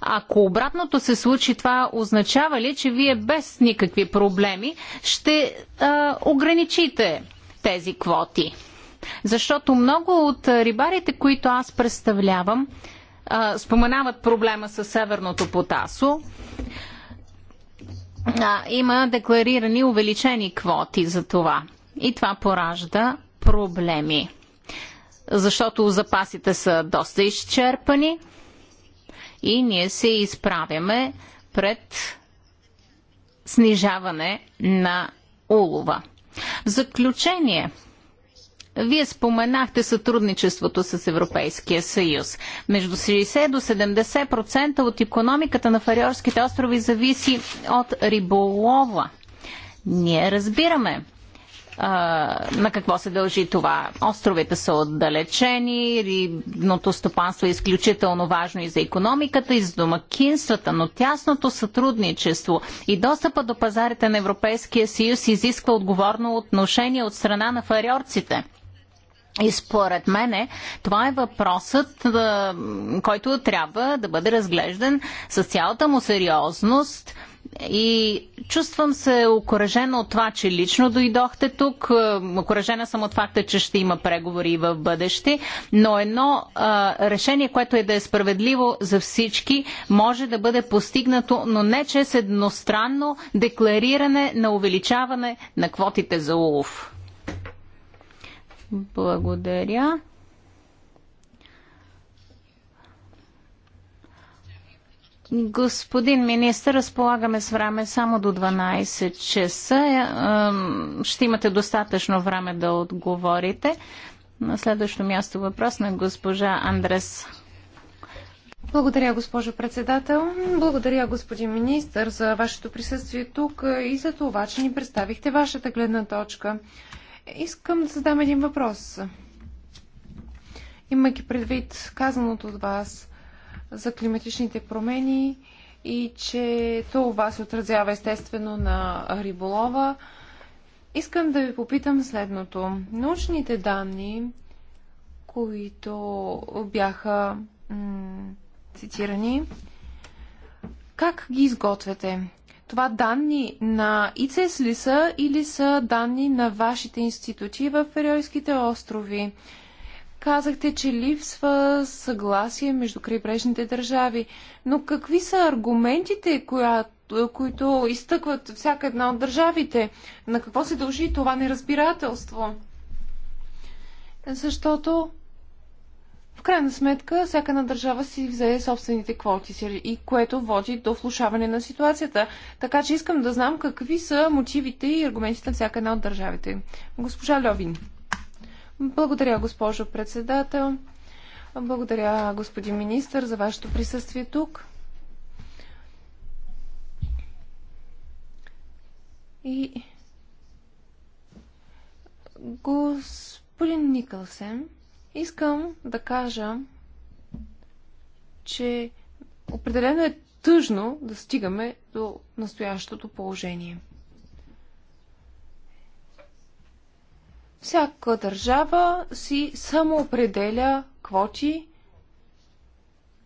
Ако обратното се случи, това означава ли, че вие без никакви проблеми ще а, ограничите тези квоти? Защото много от рибарите, които аз представлявам, а, споменават проблема с Северното потасо. А, има декларирани увеличени квоти за това. И това поражда проблеми, защото запасите са доста изчерпани и ние се изправяме пред снижаване на улова. В заключение, вие споменахте сътрудничеството с Европейския съюз. Между 60 до 70% от економиката на Фариорските острови зависи от риболова. Ние разбираме, на какво се дължи това. Островите са отдалечени, рибното стопанство е изключително важно и за економиката, и за домакинствата, но тясното сътрудничество и достъпа до пазарите на Европейския съюз изисква отговорно отношение от страна на фариорците. И според мене това е въпросът, който трябва да бъде разглеждан с цялата му сериозност – и чувствам се окоръжена от това, че лично дойдохте тук. Е, окоръжена съм от факта, че ще има преговори в бъдеще. Но едно а, решение, което е да е справедливо за всички, може да бъде постигнато, но не чрез едностранно деклариране на увеличаване на квотите за улов. Благодаря. Господин министр, разполагаме с време само до 12 часа. Е, ще имате достатъчно време да отговорите. На следващо място въпрос на госпожа Андрес. Благодаря, госпожо председател. Благодаря, господин министр, за вашето присъствие тук и за това, че ни представихте вашата гледна точка. Искам да задам един въпрос. Имайки предвид казаното от вас, за климатичните промени и че това се отразява естествено на риболова. Искам да ви попитам следното. Научните данни, които бяха цитирани, как ги изготвяте? Това данни на ИЦС ли са или са данни на вашите институти в Фериойските острови? Казахте, че липсва съгласие между крайбрежните държави. Но какви са аргументите, коя, които изтъкват всяка една от държавите? На какво се дължи това неразбирателство? Защото в крайна сметка, всяка една държава си взе собствените квоти си, и което води до влушаване на ситуацията. Така че искам да знам какви са мотивите и аргументите на всяка една от държавите. Госпожа Льовин. Благодаря, госпожо председател. Благодаря, господин министр, за вашето присъствие тук. И господин Никълсен, искам да кажа, че определено е тъжно да стигаме до настоящото положение – Всяка държава си самоопределя квоти,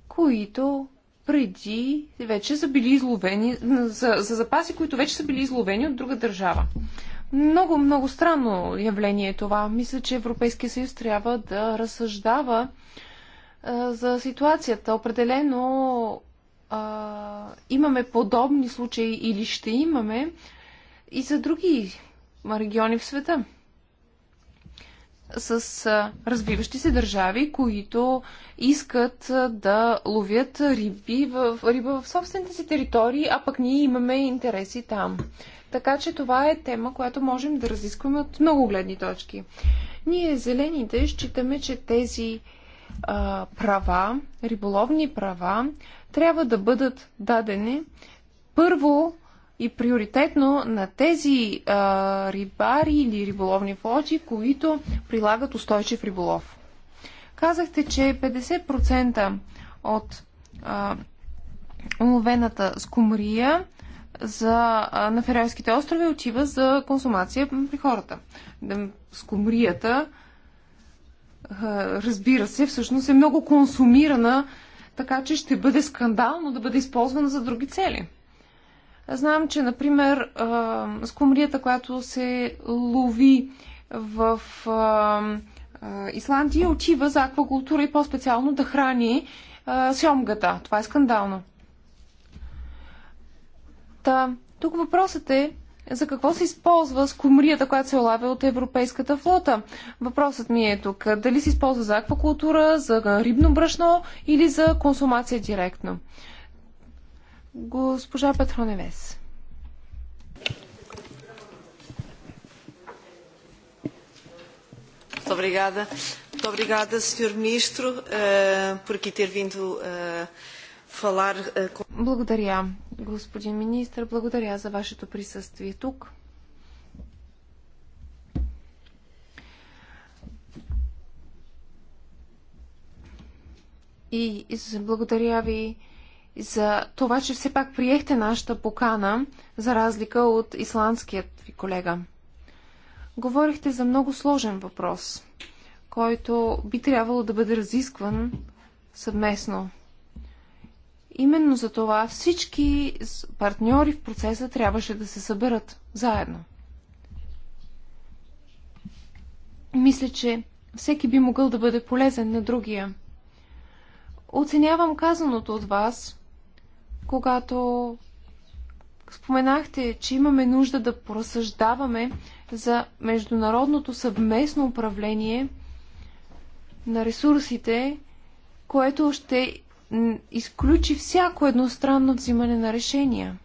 които преди вече са били изловени, за, за запаси, които вече са били изловени от друга държава. Много, много странно явление е това. Мисля, че Европейския съюз трябва да разсъждава а, за ситуацията. Определено а, имаме подобни случаи или ще имаме и за други региони в света с развиващи се държави, които искат да ловят риби в, риба в собствените си територии, а пък ние имаме интереси там. Така че това е тема, която можем да разискваме от много гледни точки. Ние, зелените, считаме, че тези а, права, риболовни права, трябва да бъдат дадени първо и приоритетно на тези а, рибари или риболовни флоти, които прилагат устойчив риболов. Казахте, че 50% от а, уловената скумрия за, а, на Ферайските острови отива за консумация при хората. Скумрията, а, разбира се, всъщност е много консумирана, така че ще бъде скандално да бъде използвана за други цели. Знам, че, например, скумрията, която се лови в Исландия, отива за аквакултура и по-специално да храни сьомгата. Това е скандално. Та, тук въпросът е за какво се използва скумрията, която се олавя от европейската флота. Въпросът ми е тук. Дали се използва за аквакултура, за рибно брашно или за консумация директно. Госпожа Петроневес. Muito obrigada. Muito obrigada, Sr. Ministro, uh, por aqui ter vindo uh, falar. Uh... Благодаря, господин министр. Благодаря за вашето присъствие тук. И благодаря ви за това, че все пак приехте нашата покана, за разлика от исландският ви колега. Говорихте за много сложен въпрос, който би трябвало да бъде разискван съвместно. Именно за това всички партньори в процеса трябваше да се съберат заедно. Мисля, че всеки би могъл да бъде полезен на другия. Оценявам казаното от вас когато споменахте, че имаме нужда да поразсъждаваме за международното съвместно управление на ресурсите, което ще изключи всяко едностранно взимане на решения.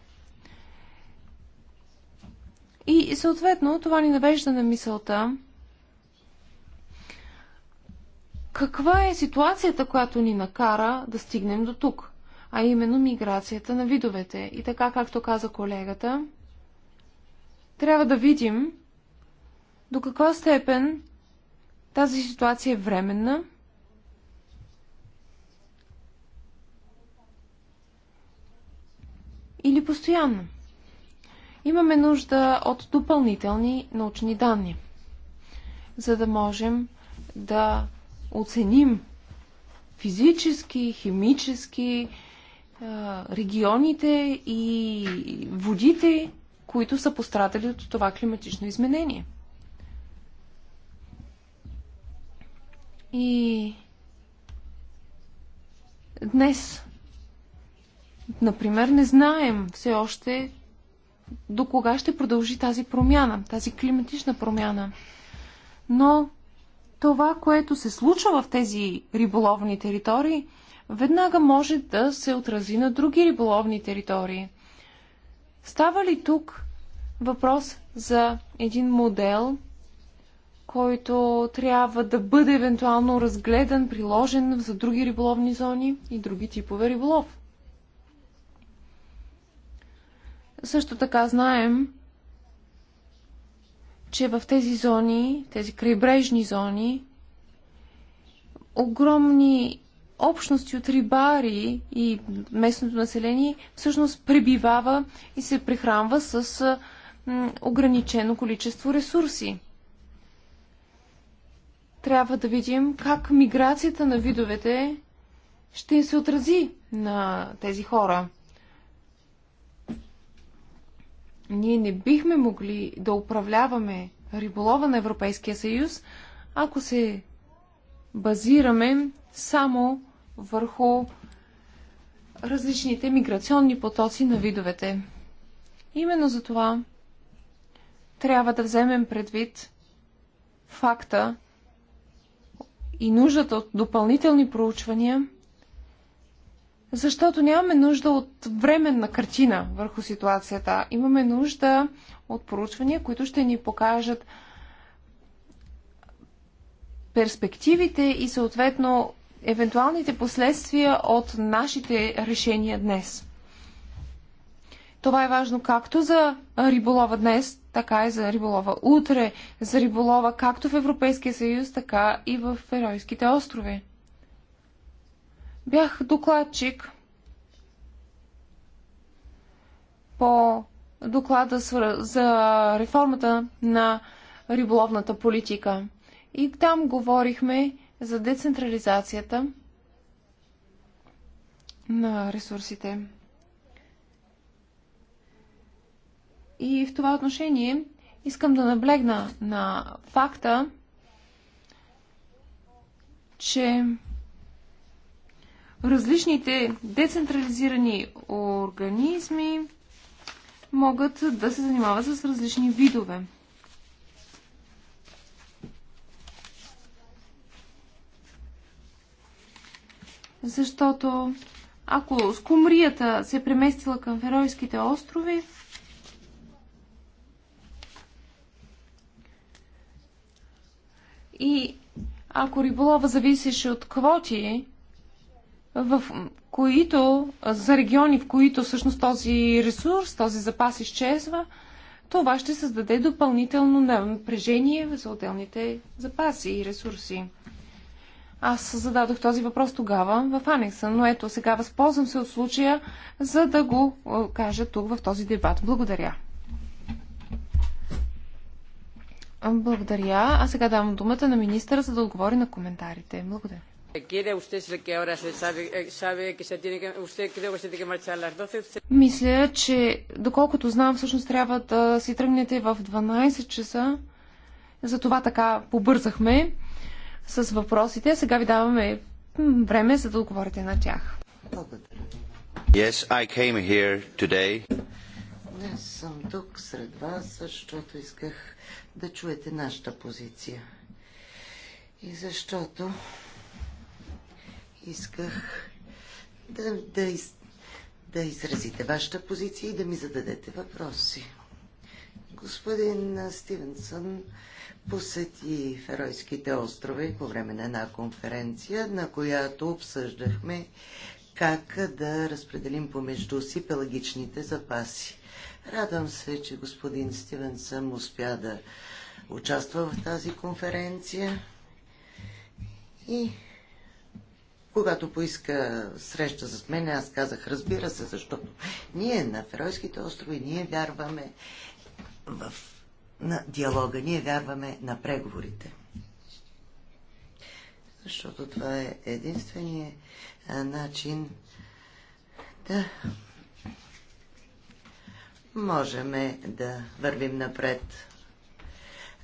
И съответно това ни навежда на мисълта каква е ситуацията, която ни накара да стигнем до тук а именно миграцията на видовете. И така, както каза колегата, трябва да видим до каква степен тази ситуация е временна или постоянна. Имаме нужда от допълнителни научни данни, за да можем да оценим физически, химически, регионите и водите, които са пострадали от това климатично изменение. И днес, например, не знаем все още до кога ще продължи тази промяна, тази климатична промяна. Но това, което се случва в тези риболовни територии, веднага може да се отрази на други риболовни територии. Става ли тук въпрос за един модел, който трябва да бъде евентуално разгледан, приложен за други риболовни зони и други типове риболов? Също така знаем, че в тези зони, тези крайбрежни зони, огромни общности от рибари и местното население всъщност пребивава и се прехранва с ограничено количество ресурси. Трябва да видим как миграцията на видовете ще се отрази на тези хора. Ние не бихме могли да управляваме риболова на Европейския съюз, ако се базираме само върху различните миграционни потоци на видовете. Именно за това трябва да вземем предвид факта и нуждата от допълнителни проучвания, защото нямаме нужда от временна картина върху ситуацията. Имаме нужда от проучвания, които ще ни покажат перспективите и съответно евентуалните последствия от нашите решения днес. Това е важно както за риболова днес, така и за риболова утре, за риболова както в Европейския съюз, така и в Феройските острови. Бях докладчик по доклада за реформата на риболовната политика. И там говорихме за децентрализацията на ресурсите. И в това отношение искам да наблегна на факта, че различните децентрализирани организми могат да се занимават с различни видове защото ако скумрията се е преместила към Феройските острови, и ако риболова зависеше от квоти, в които, за региони, в които всъщност този ресурс, този запас изчезва, това ще създаде допълнително напрежение за отделните запаси и ресурси. Аз зададох този въпрос тогава в анекса, но ето сега възползвам се от случая, за да го е, кажа тук в този дебат. Благодаря. Благодаря. А сега давам думата на министъра, за да отговори на коментарите. Благодаря. Eh, Мисля, че доколкото знам, всъщност трябва да си тръгнете в 12 часа. Затова така побързахме с въпросите. Сега ви даваме време, за да отговорите на тях. Yes, I came here today. Днес съм тук сред вас, защото исках да чуете нашата позиция. И защото исках да, да, из, да изразите вашата позиция и да ми зададете въпроси. Господин Стивенсън посети Феройските острови по време на една конференция, на която обсъждахме как да разпределим помежду си пелагичните запаси. Радвам се, че господин Стивенсън успя да участва в тази конференция и когато поиска среща с мен, аз казах, разбира се, защото ние на Феройските острови, ние вярваме в на диалога. Ние вярваме на преговорите. Защото това е единствения начин да можем да вървим напред.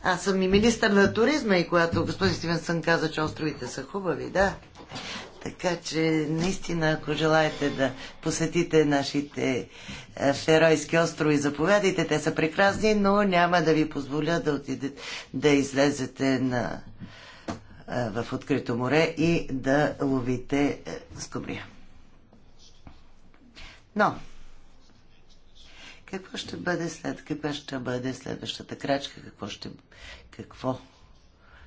Аз съм и министър на туризма и когато господин Стивенсън каза, че островите са хубави, да. Така че, наистина, ако желаете да посетите нашите е, Феройски острови, заповядайте. Те са прекрасни, но няма да ви позволя да отидете, да излезете на, е, в открито море и да ловите е, скобрия. Но, какво ще бъде след, каква ще бъде следващата крачка, какво ще, какво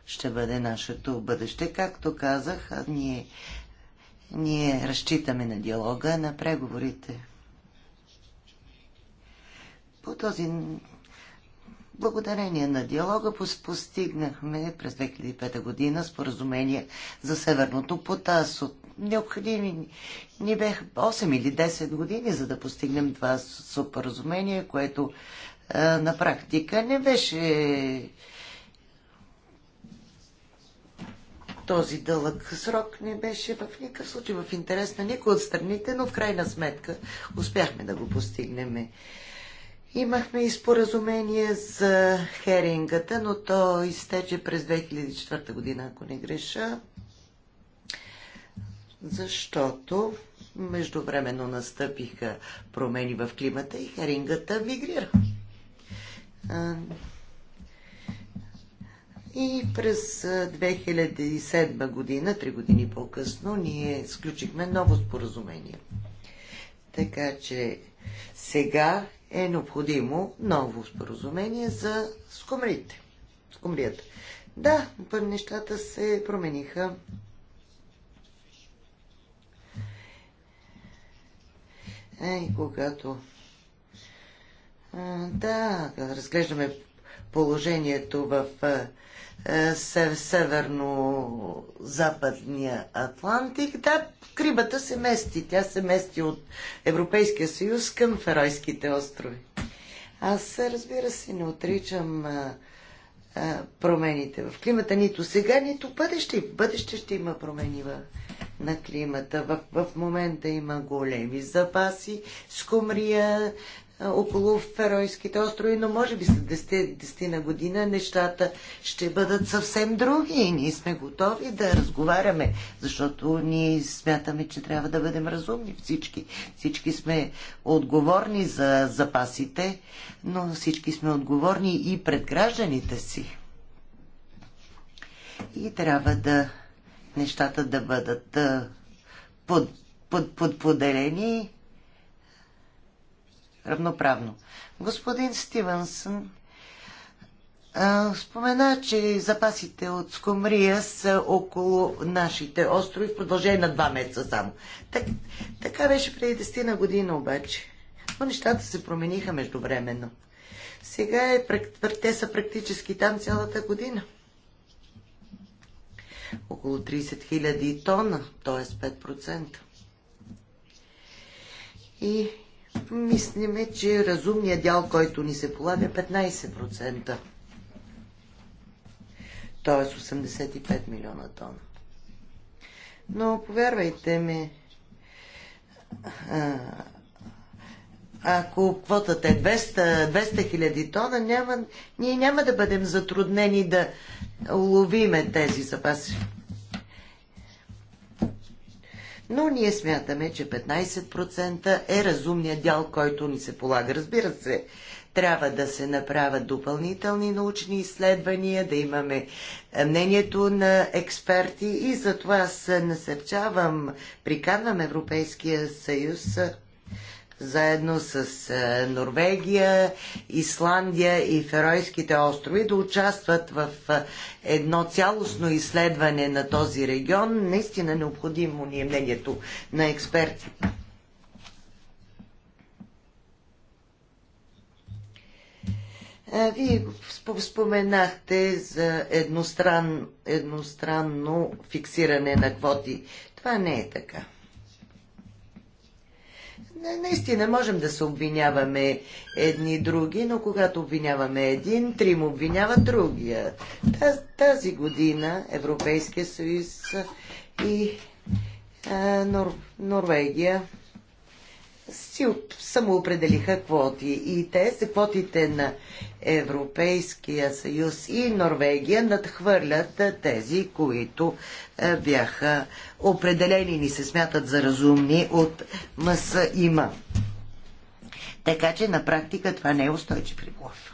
ще бъде нашето бъдеще. Както казах, ние ние разчитаме на диалога, на преговорите. По този Благодарение на диалога постигнахме през 2005 година споразумение за Северното потасо. Необходими ни беха 8 или 10 години, за да постигнем това споразумение, което на практика не беше Този дълъг срок не беше в никакъв случай в интерес на никой от страните, но в крайна сметка успяхме да го постигнем. Имахме и споразумение за херингата, но то изтече през 2004 година, ако не греша, защото междувременно настъпиха промени в климата и херингата мигрира. И през 2007 година, три години по-късно, ние сключихме ново споразумение. Така че сега е необходимо ново споразумение за скумрите. Скумрията. Да, нещата се промениха. Ей, когато да, разглеждаме положението в е, е, северно-западния Атлантик. Да, крибата се мести. Тя се мести от Европейския съюз към Феройските острови. Аз, разбира се, не отричам а, е, а, промените в климата, нито сега, нито бъдеще. В бъдеще ще има промени в, на климата. В, в момента има големи запаси, скумрия, около Феройските острови, но може би след 10, на година нещата ще бъдат съвсем други и ние сме готови да разговаряме, защото ние смятаме, че трябва да бъдем разумни всички. Всички сме отговорни за запасите, но всички сме отговорни и пред гражданите си. И трябва да нещата да бъдат под, под, под, поделени равноправно. Господин Стивенсън спомена, че запасите от скумрия са около нашите острови в продължение на два месеца само. Так, така беше преди 10 на година обаче. Но нещата се промениха междувременно. Сега е, те са практически там цялата година. Около 30 000 тона, т.е. 5%. И мислиме, че разумният дял, който ни се полага е 15%. Тоест 85 милиона тона. Но повярвайте ми, ако квотата е 200, 200 хиляди тона, няма, ние няма да бъдем затруднени да ловиме тези запаси но ние смятаме, че 15% е разумният дял, който ни се полага. Разбира се, трябва да се направят допълнителни научни изследвания, да имаме е, мнението на експерти и затова аз насърчавам, приканвам Европейския съюз заедно с е, Норвегия, Исландия и Феройските острови да участват в е, едно цялостно изследване на този регион. Наистина необходимо ни е мнението на експертите. Вие споменахте за едностран, едностранно фиксиране на квоти. Това не е така наистина можем да се обвиняваме едни други, но когато обвиняваме един, трим обвинява другия. Таз, тази година Европейския съюз и Нор, Норвегия си самоопределиха квоти. И те са квотите на Европейския съюз и Норвегия надхвърлят тези, които бяха определени и ни се смятат за разумни от МСИМА. Така че на практика това не е устойчив риболов.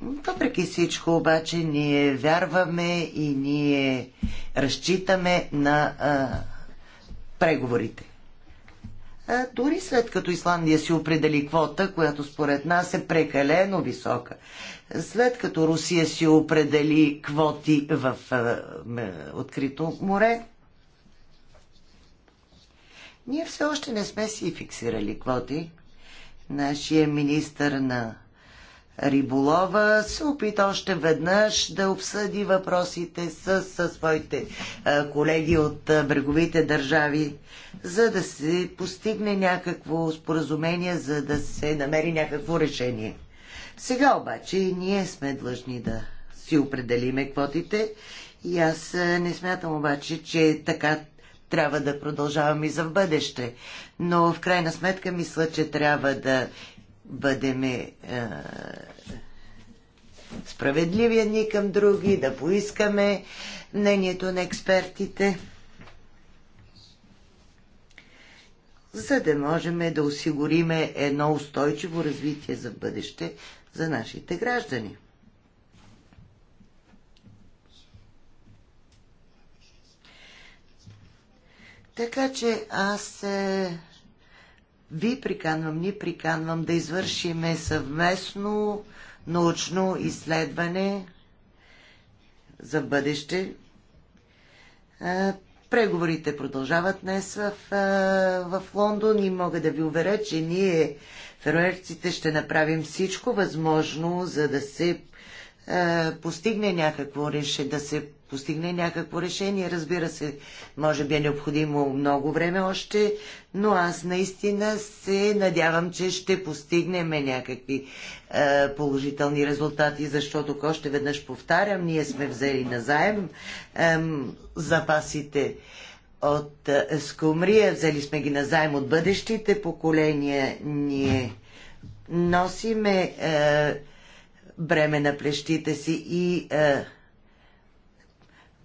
Въпреки всичко обаче ние вярваме и ние разчитаме на а, преговорите дори след като Исландия си определи квота, която според нас е прекалено висока, след като Русия си определи квоти в открито море, ние все още не сме си фиксирали квоти. Нашия министър на риболова се опита още веднъж да обсъди въпросите с, с своите колеги от бреговите държави, за да се постигне някакво споразумение, за да се намери някакво решение. Сега обаче ние сме длъжни да си определиме квотите и аз не смятам обаче, че така трябва да продължаваме и за в бъдеще. Но в крайна сметка мисля, че трябва да бъдеме е, справедливи едни към други, да поискаме мнението на експертите, за да можем да осигурим едно устойчиво развитие за бъдеще за нашите граждани. Така че аз е, ви приканвам, ни приканвам да извършиме съвместно научно изследване за бъдеще. Е, преговорите продължават днес в, е, в Лондон и мога да ви уверя, че ние, фермерците, ще направим всичко възможно, за да се е, постигне някакво решение, да се постигне някакво решение. Разбира се, може би е необходимо много време още, но аз наистина се надявам, че ще постигнем някакви е, положителни резултати, защото, още веднъж повтарям, ние сме взели назаем е, запасите от е, скумрия, взели сме ги назаем от бъдещите поколения. Ние носиме е, бреме на плещите си и е,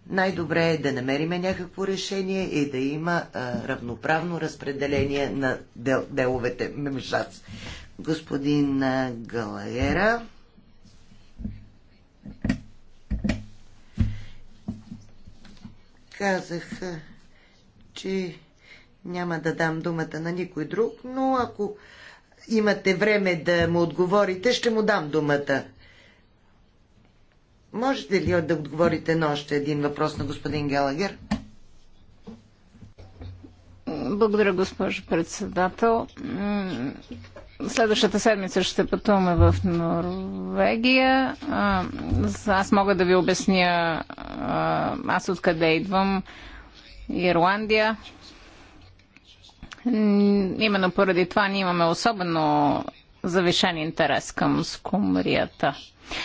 най-добре е да намериме някакво решение и да има а, равноправно разпределение на дел, деловете мемшац. Господин а, Галаера. Казах, че няма да дам думата на никой друг, но ако имате време да му отговорите, ще му дам думата. Можете ли да отговорите на още един въпрос на господин Гелагер? Благодаря, госпожо председател. Следващата седмица ще пътуваме в Норвегия. Аз мога да ви обясня аз откъде идвам. Ирландия. Именно поради това ние имаме особено завишен интерес към скумрията.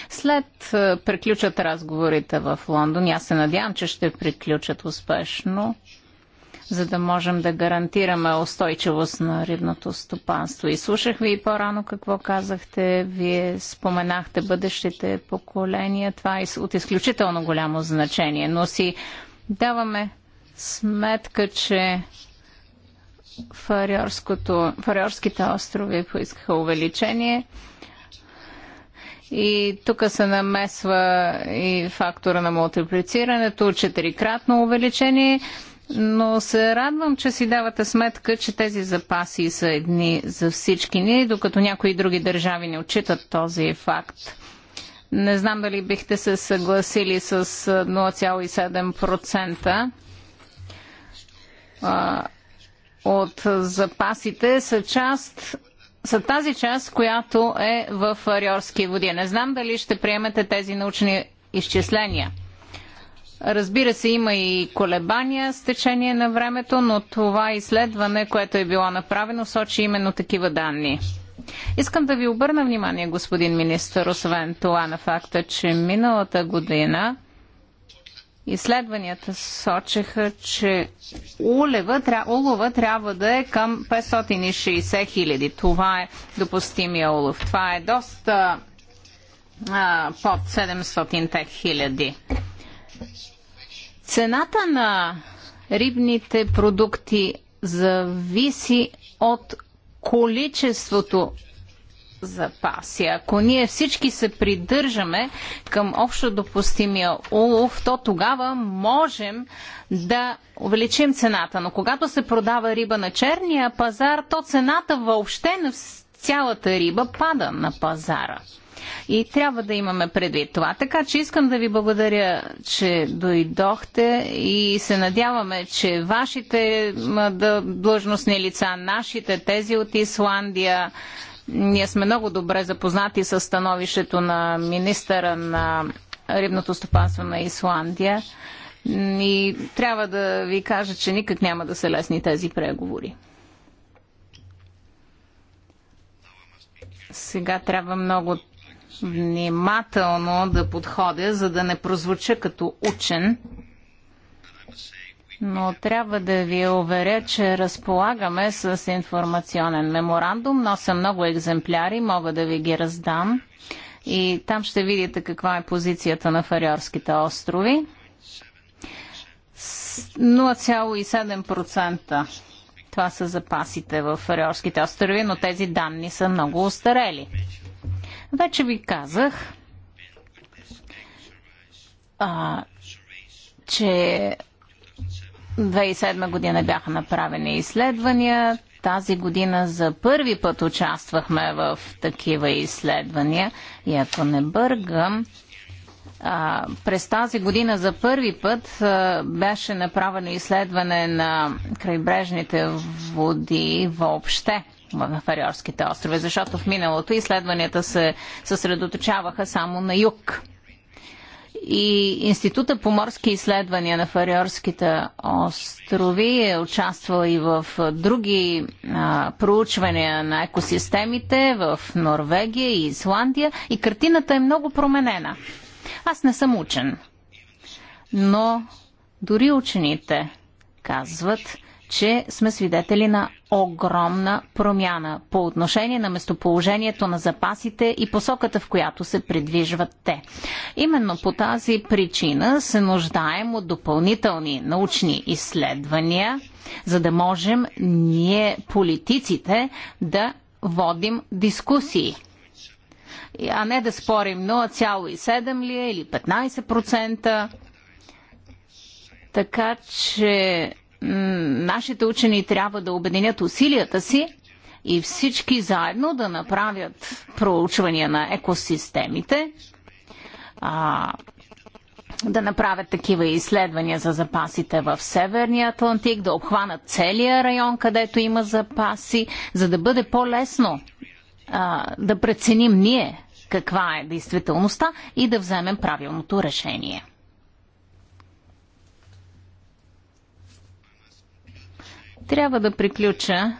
След е, приключат разговорите в Лондон, аз се надявам, че ще приключат успешно, за да можем да гарантираме устойчивост на рибното стопанство. И слушах ви и по-рано какво казахте. Вие споменахте бъдещите поколения. Това е от изключително голямо значение, но си даваме сметка, че Фариорските острови поискаха увеличение. И тук се намесва и фактора на мултиплицирането, четирикратно увеличение, но се радвам, че си давате сметка, че тези запаси са едни за всички ни, докато някои други държави не отчитат този факт. Не знам дали бихте се съгласили с 0,7% от запасите са част са тази част, която е в Ариорски води. Не знам дали ще приемете тези научни изчисления. Разбира се, има и колебания с течение на времето, но това изследване, което е било направено, сочи именно такива данни. Искам да ви обърна внимание, господин министр, освен това на факта, че миналата година Изследванията сочеха, че улева, улова трябва да е към 560 хиляди. Това е допустимия улов. Това е доста а, под 700 хиляди. Цената на рибните продукти зависи от количеството запаси. Ако ние всички се придържаме към общо допустимия улов, то тогава можем да увеличим цената. Но когато се продава риба на черния пазар, то цената въобще на цялата риба пада на пазара. И трябва да имаме предвид това. Така че искам да ви благодаря, че дойдохте и се надяваме, че вашите длъжностни лица, нашите, тези от Исландия, ние сме много добре запознати с становището на министъра на рибното стопанство на Исландия и трябва да ви кажа, че никак няма да са лесни тези преговори. Сега трябва много внимателно да подходя, за да не прозвуча като учен но трябва да ви уверя, че разполагаме с информационен меморандум. Нося много екземпляри, мога да ви ги раздам. И там ще видите каква е позицията на Фариорските острови. 0,7% това са запасите в Фариорските острови, но тези данни са много устарели. Вече ви казах, а, че 2007 година бяха направени изследвания. Тази година за първи път участвахме в такива изследвания. И ако не бъргам, а, през тази година за първи път а, беше направено изследване на крайбрежните води въобще на Фариорските острови, защото в миналото изследванията се съсредоточаваха само на юг и Института по морски изследвания на Фариорските острови е участвал и в други а, проучвания на екосистемите в Норвегия и Исландия и картината е много променена. Аз не съм учен, но дори учените казват, че сме свидетели на огромна промяна по отношение на местоположението на запасите и посоката, в която се придвижват те. Именно по тази причина се нуждаем от допълнителни научни изследвания, за да можем ние, политиците, да водим дискусии а не да спорим 0,7 ли е или 15%. Така че нашите учени трябва да обединят усилията си и всички заедно да направят проучвания на екосистемите, а, да направят такива изследвания за запасите в Северния Атлантик, да обхванат целия район, където има запаси, за да бъде по-лесно да преценим ние каква е действителността и да вземем правилното решение. Трябва да приключа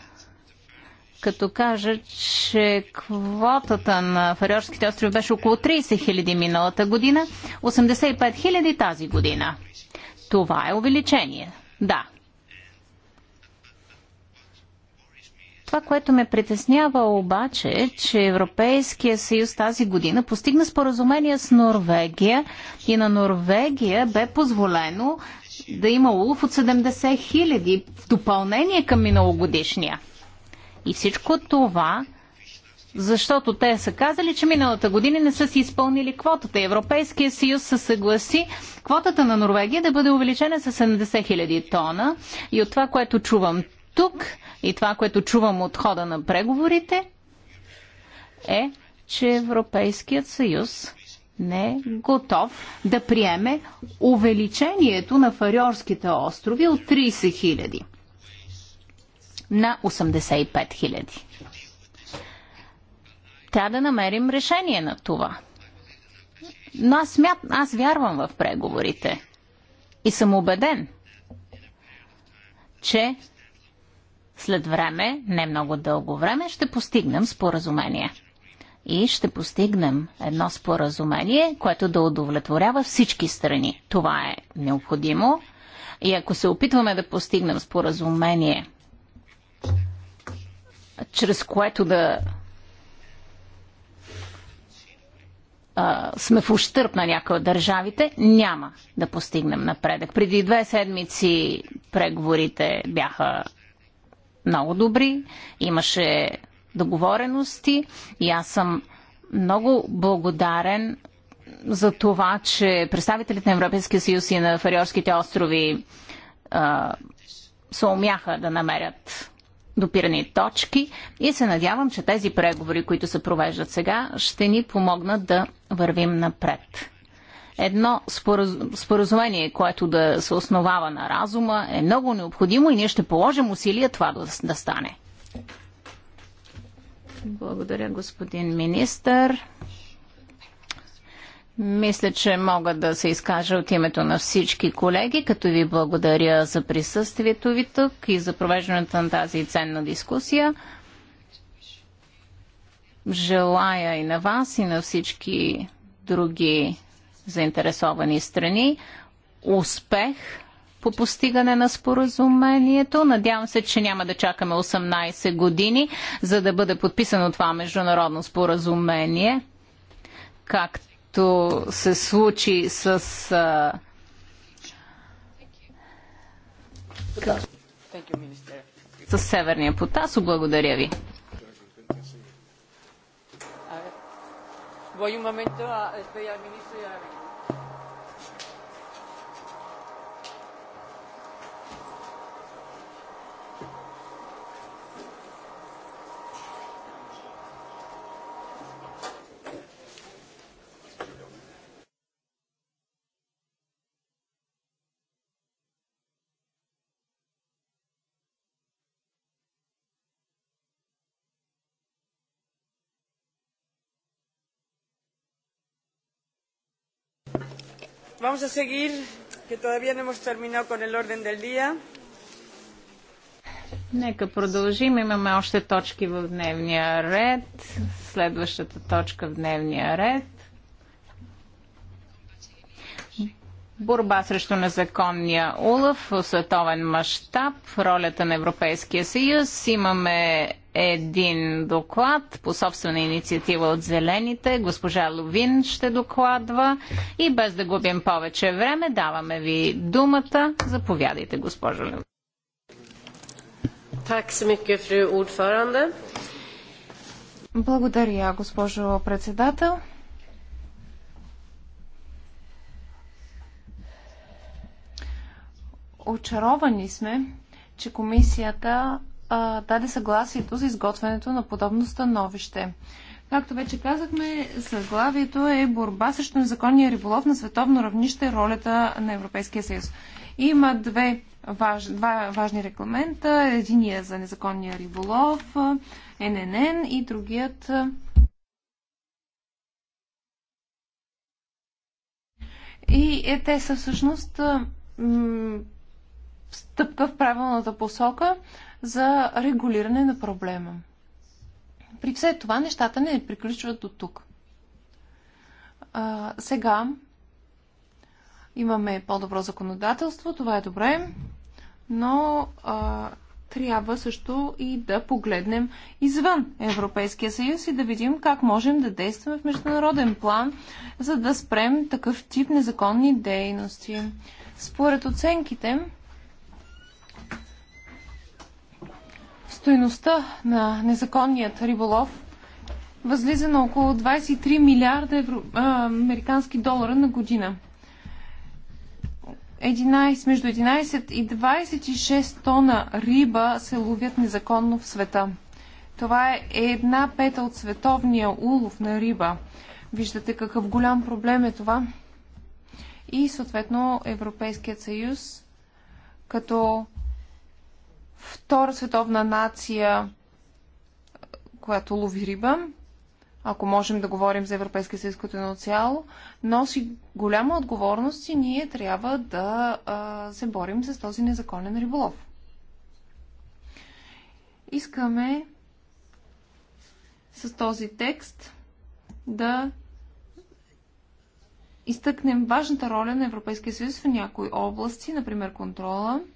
като кажа, че квотата на Фариорските острови беше около 30 000 миналата година, 85 000 тази година. Това е увеличение. Да. Това, което ме притеснява обаче е, че Европейския съюз тази година постигна споразумение с Норвегия и на Норвегия бе позволено да има улов от 70 хиляди в допълнение към миналогодишния. И всичко това, защото те са казали, че миналата година не са си изпълнили квотата. Европейския съюз се съгласи квотата на Норвегия да бъде увеличена с 70 хиляди тона. И от това, което чувам тук и това, което чувам от хода на преговорите, е, че Европейският съюз не е готов да приеме увеличението на Фариорските острови от 30 хиляди на 85 000. Трябва да намерим решение на това. Но аз, смят, аз вярвам в преговорите и съм убеден, че след време, не много дълго време, ще постигнем споразумение и ще постигнем едно споразумение, което да удовлетворява всички страни. Това е необходимо. И ако се опитваме да постигнем споразумение, чрез което да а, сме в ущърп на някои от държавите, няма да постигнем напредък. Преди две седмици преговорите бяха много добри. Имаше договорености и аз съм много благодарен за това, че представителите на Европейския съюз и на Фариорските острови а, се умяха да намерят допирани точки и се надявам, че тези преговори, които се провеждат сега, ще ни помогнат да вървим напред. Едно споразумение, което да се основава на разума, е много необходимо и ние ще положим усилия това да, да стане. Благодаря, господин министър. Мисля, че мога да се изкажа от името на всички колеги, като ви благодаря за присъствието ви тук и за провеждането на тази ценна дискусия. Желая и на вас, и на всички други заинтересовани страни успех по постигане на споразумението. Надявам се, че няма да чакаме 18 години, за да бъде подписано това международно споразумение, както се случи с. А... С Северния потасо. Благодаря ви. Voy un momento a al ministro y a Vamos a seguir, que todavía no hemos terminado con el orden del día. Нека продължим. Имаме още точки в дневния ред. Следващата точка в дневния ред. Борба срещу незаконния улов в световен мащаб, ролята на Европейския съюз. Имаме един доклад по собствена инициатива от Зелените. Госпожа Ловин ще докладва и без да губим повече време, даваме ви думата. Заповядайте, госпожо Ловин. Благодаря, госпожо председател. Очаровани сме, че комисията а, даде съгласието за изготвянето на подобно становище. Както вече казахме, съглавието е борба срещу незаконния риболов на световно равнище ролята на Европейския съюз. Има две важ, два важни регламента. Единия за незаконния риболов, ННН и другият И е, те са всъщност стъпка в правилната посока за регулиране на проблема. При все това нещата не приключват до тук. А, сега имаме по-добро законодателство, това е добре, но а, трябва също и да погледнем извън Европейския съюз и да видим как можем да действаме в международен план, за да спрем такъв тип незаконни дейности. Според оценките, Стоеността на незаконният риболов възлиза на около 23 милиарда евро, а, американски долара на година. 11, между 11 и 26 тона риба се ловят незаконно в света. Това е една пета от световния улов на риба. Виждате какъв голям проблем е това. И съответно Европейският съюз като втора световна нация, която лови риба, ако можем да говорим за Европейския съюз като едно цяло, носи голяма отговорност и ние трябва да а, се борим с този незаконен риболов. Искаме с този текст да изтъкнем важната роля на Европейския съюз в някои области, например контрола –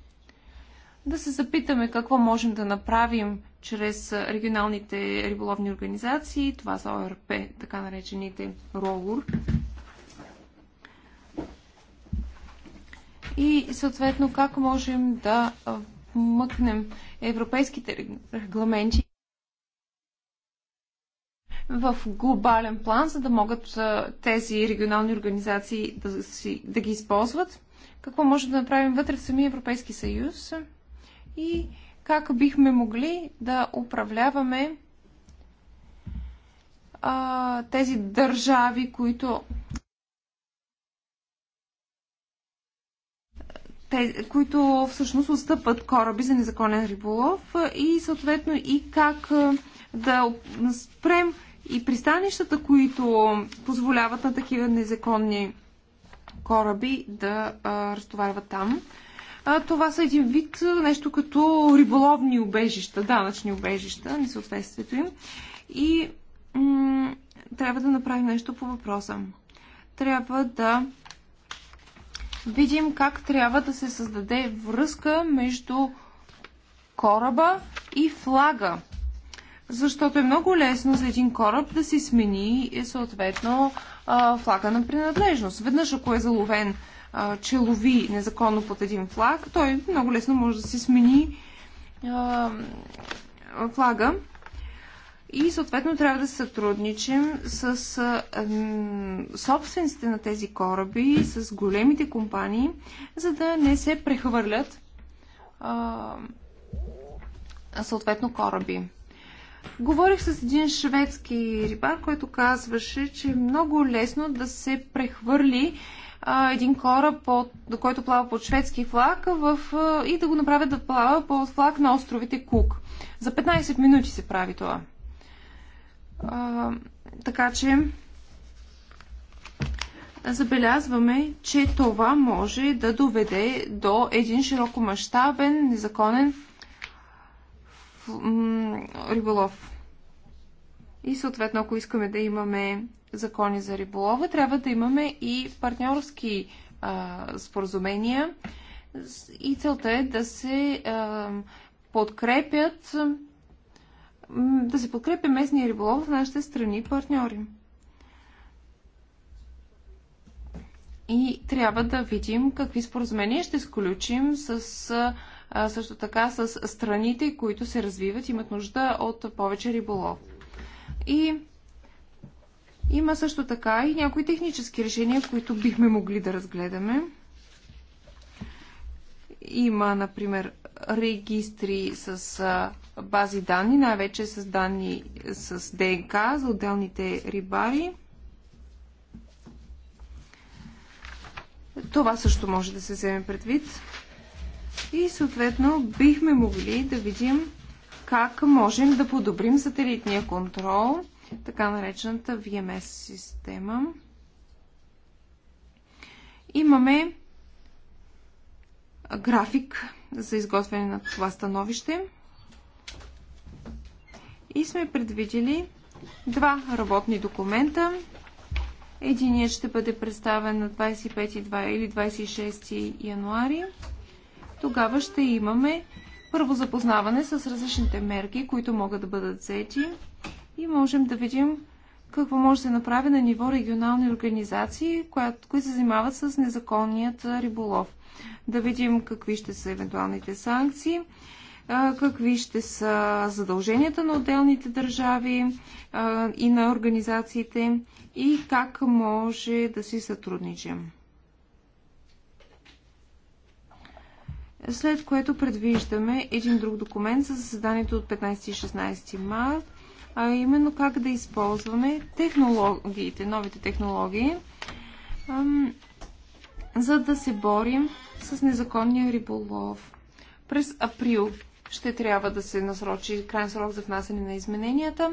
да се запитаме какво можем да направим чрез регионалните риболовни организации, това са ОРП, така наречените РОУР. И съответно как можем да мъкнем европейските регламенти в глобален план, за да могат тези регионални организации да, си, да ги използват. Какво може да направим вътре в самия Европейски съюз? и как бихме могли да управляваме а, тези държави, които те, които всъщност отстъпват кораби за незаконен риболов и съответно и как да спрем и пристанищата, които позволяват на такива незаконни кораби да а, разтоварват там а, това са един вид нещо като риболовни убежища, данъчни убежища, несъответствието им. И трябва да направим нещо по въпроса. Трябва да видим как трябва да се създаде връзка между кораба и флага. Защото е много лесно за един кораб да си смени е, съответно флага на принадлежност. Веднъж ако е заловен че лови незаконно под един флаг, той много лесно може да си смени флага. И съответно трябва да сътрудничим с а, м, собствениците на тези кораби, с големите компании, за да не се прехвърлят а, съответно кораби. Говорих с един шведски рибар, който казваше, че е много лесно да се прехвърли а, един кораб, до който плава под шведски флаг в, а, и да го направят да плава под флаг на островите Кук. За 15 минути се прави това. А, така че забелязваме, че това може да доведе до един широкомащабен, незаконен риболов. И съответно, ако искаме да имаме закони за риболова, трябва да имаме и партньорски а, споразумения. И целта е да се а, подкрепят да се подкрепя местния риболов в нашите страни партньори. И трябва да видим какви споразумения ще сключим с също така с страните, които се развиват, имат нужда от повече риболов. И има също така и някои технически решения, които бихме могли да разгледаме. Има, например, регистри с бази данни, най-вече с данни с ДНК за отделните рибари. Това също може да се вземе предвид. И съответно бихме могли да видим как можем да подобрим сателитния контрол, така наречената VMS система. Имаме график за изготвяне на това становище и сме предвидели два работни документа. Единият ще бъде представен на 25 или 26 януари. Тогава ще имаме първо запознаване с различните мерки, които могат да бъдат взети и можем да видим какво може да се направи на ниво регионални организации, които се занимават с незаконният риболов. Да видим какви ще са евентуалните санкции, какви ще са задълженията на отделните държави и на организациите и как може да си сътрудничим. след което предвиждаме един друг документ за заседанието от 15 и 16 март, а именно как да използваме технологиите, новите технологии, за да се борим с незаконния риболов. През април ще трябва да се насрочи крайен срок за внасяне на измененията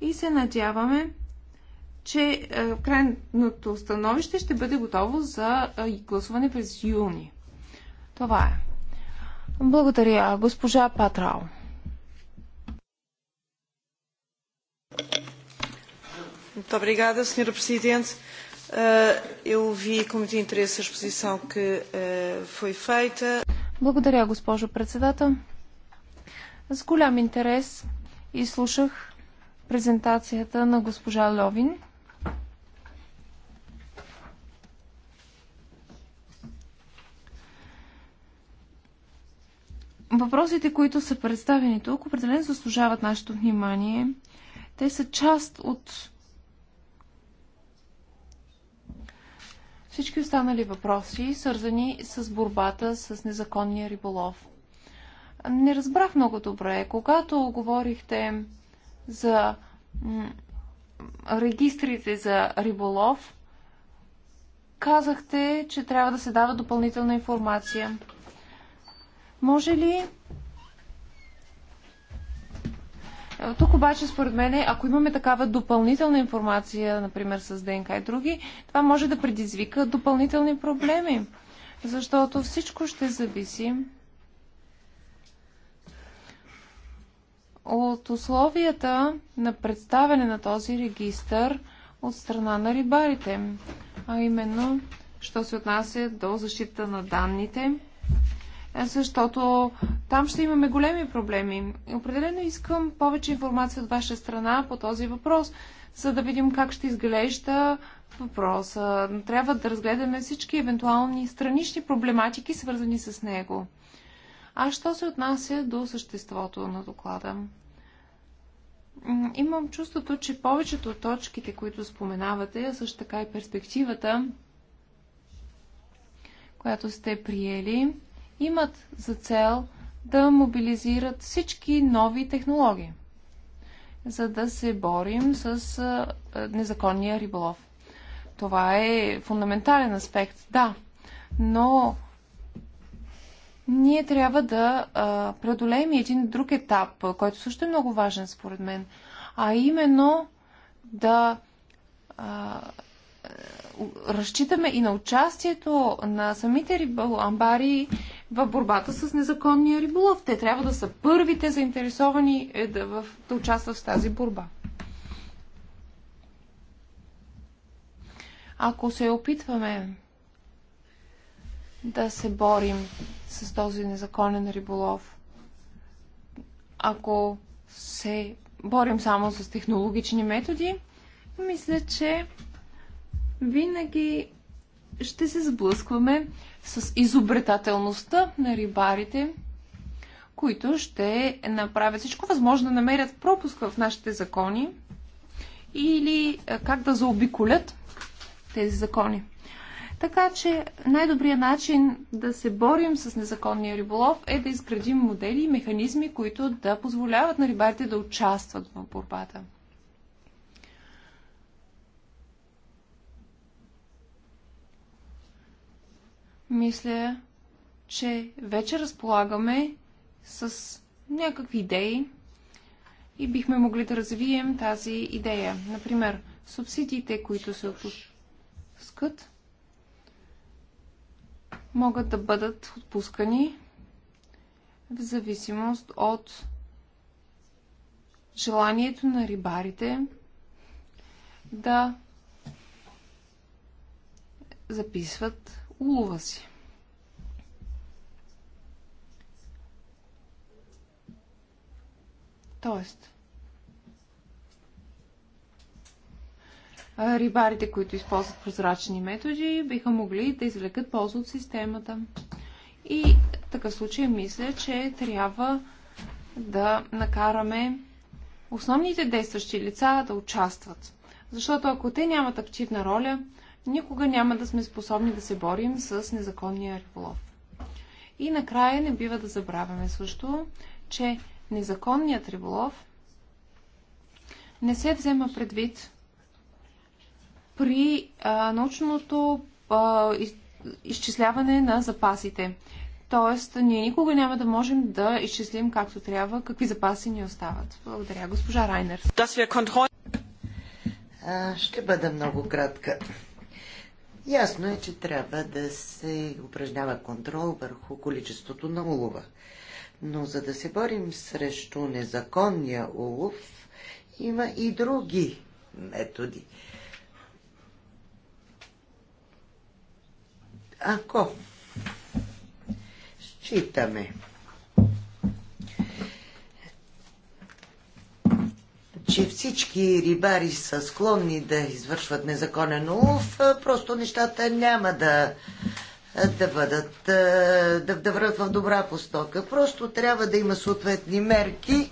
и се надяваме, че е, крайното становище ще бъде готово за е, гласуване през юни. Това е. Благодаря, госпожа Патрал. Muito obrigada, Sra. Presidente. Eh, eu vi com muito interesse a exposição que eh, foi feita. Благодаря, госпожо председател. С голям интерес изслушах презентацията на госпожа Льовин. Въпросите, които са представени тук, определено заслужават нашето внимание. Те са част от Всички останали въпроси, свързани с борбата с незаконния риболов. Не разбрах много добре. Когато говорихте за регистрите за риболов, казахте, че трябва да се дава допълнителна информация. Може ли тук обаче, според мен, ако имаме такава допълнителна информация, например с ДНК и други, това може да предизвика допълнителни проблеми. Защото всичко ще зависи от условията на представяне на този регистър от страна на рибарите. А именно, що се отнася до защита на данните е, защото там ще имаме големи проблеми. Определено искам повече информация от ваша страна по този въпрос, за да видим как ще изглежда въпроса. Трябва да разгледаме всички евентуални странични проблематики, свързани с него. А що се отнася до съществото на доклада? Имам чувството, че повечето от точките, които споменавате, а също така и перспективата, която сте приели, имат за цел да мобилизират всички нови технологии, за да се борим с незаконния риболов. Това е фундаментален аспект, да, но ние трябва да преодолеем един друг етап, който също е много важен според мен, а именно да а, разчитаме и на участието на самите рибамбари в борбата с незаконния риболов. Те трябва да са първите заинтересовани е да, в, да участват в тази борба. Ако се опитваме да се борим с този незаконен риболов, ако се борим само с технологични методи, мисля, че винаги ще се сблъскваме с изобретателността на рибарите, които ще направят всичко възможно да намерят пропуск в нашите закони или как да заобиколят тези закони. Така че най-добрият начин да се борим с незаконния риболов е да изградим модели и механизми, които да позволяват на рибарите да участват в борбата. мисля, че вече разполагаме с някакви идеи и бихме могли да развием тази идея. Например, субсидиите, които се отпускат, могат да бъдат отпускани в зависимост от желанието на рибарите да записват улова си. Тоест, рибарите, които използват прозрачни методи, биха могли да извлекат полза от системата. И в такъв случай мисля, че трябва да накараме основните действащи лица да участват. Защото ако те нямат активна роля, никога няма да сме способни да се борим с незаконния риболов. И накрая не бива да забравяме също, че незаконният риболов не се взема предвид при а, научното а, из, изчисляване на запасите. Тоест, ние никога няма да можем да изчислим както трябва какви запаси ни остават. Благодаря, госпожа Райнер. Ще бъда много кратка. Ясно е, че трябва да се упражнява контрол върху количеството на улова. Но за да се борим срещу незаконния улов, има и други методи. Ако считаме, че всички рибари са склонни да извършват незаконен улов, просто нещата няма да, да бъдат да, да върват в добра постока. Просто трябва да има съответни мерки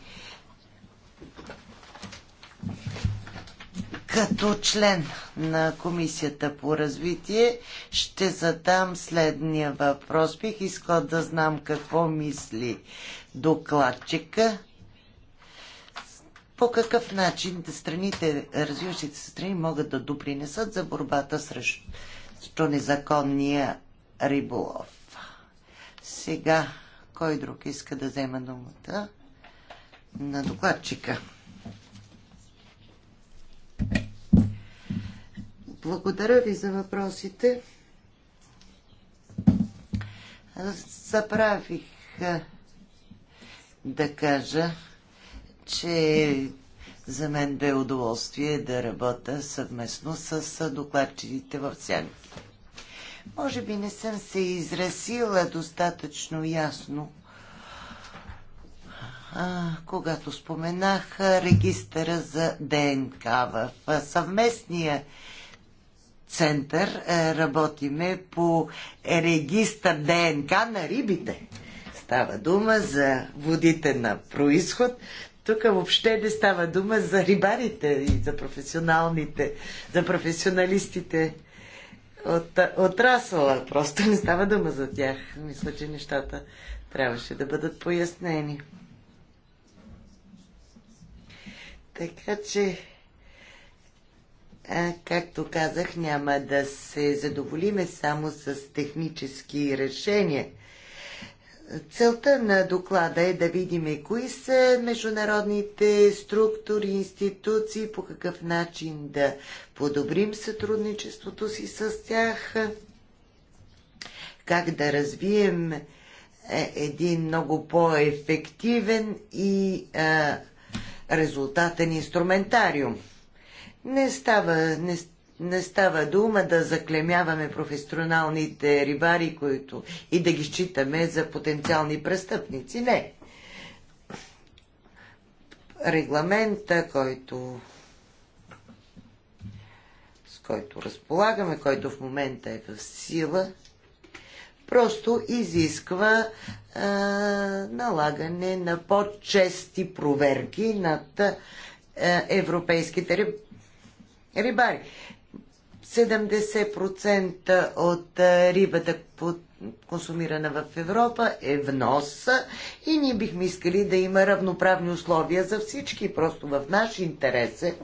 като член на Комисията по развитие ще задам следния въпрос. Бих искал да знам какво мисли докладчика по какъв начин страните, развиващите се страни могат да допринесат за борбата срещу незаконния риболов. Сега, кой друг иска да взема думата? На докладчика. Благодаря ви за въпросите. Заправих да кажа, че за мен бе удоволствие да работя съвместно с докладчиците в Сянки. Може би не съм се изразила достатъчно ясно, а, когато споменах регистъра за ДНК в съвместния център е, работиме по регистър ДНК на рибите. Става дума за водите на происход, тук въобще не става дума за рибарите и за професионалните, за професионалистите от отрасъла. Просто не става дума за тях. Мисля, че нещата трябваше да бъдат пояснени. Така че, а, както казах, няма да се задоволиме само с технически решения – Целта на доклада е да видим кои са международните структури, институции, по какъв начин да подобрим сътрудничеството си с тях, как да развием е, един много по-ефективен и резултатен инструментариум. Не става, не става не става дума да заклемяваме професионалните рибари, които и да ги считаме за потенциални престъпници. Не. Регламента, който с който разполагаме, който в момента е в сила, просто изисква а, налагане на по-чести проверки над а, европейските рибари. 70% от рибата, консумирана в Европа, е внос и ние бихме искали да има равноправни условия за всички, просто в наш интерес е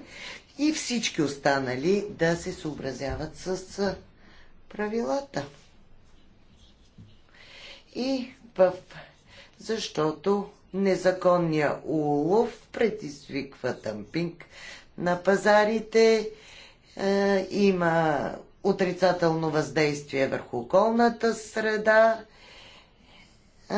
и всички останали да се съобразяват с правилата. И в... защото незаконния улов предизвиква тъмпинг на пазарите, е, има отрицателно въздействие върху околната среда е,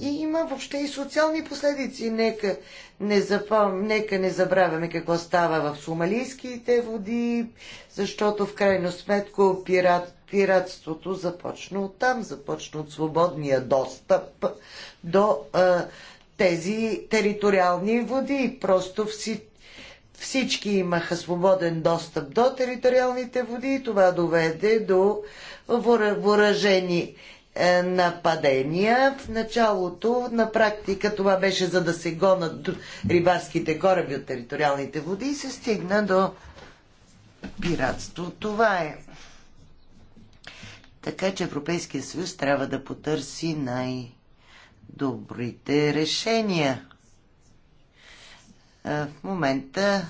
и има въобще и социални последици. Нека не, запом... Нека не забравяме какво става в сумалийските води, защото в крайно сметко пират... пиратството започна от там, започна от свободния достъп до а, е, тези териториални води. Просто вси, всички имаха свободен достъп до териториалните води и това доведе до въоръжени е, нападения. В началото на практика това беше за да се гонат рибарските кораби от териториалните води и се стигна до пиратство. Това е. Така че Европейския съюз трябва да потърси най-добрите решения в момента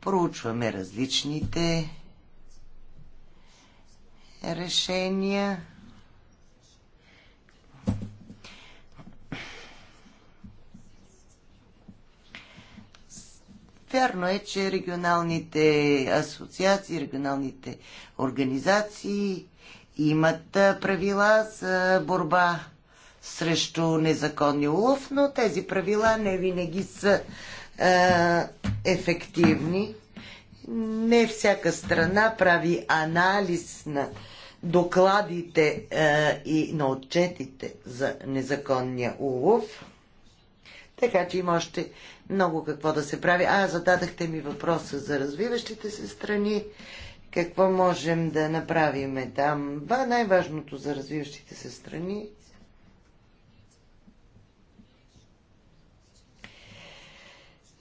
проучваме различните решения. Вярно е, че регионалните асоциации, регионалните организации имат правила за борба срещу незаконни улов, но тези правила не винаги са е, ефективни. Не всяка страна прави анализ на докладите е, и на отчетите за незаконния улов. Така че има още много какво да се прави. А, зададахте ми въпроса за развиващите се страни. Какво можем да направим там? Ба, най-важното за развиващите се страни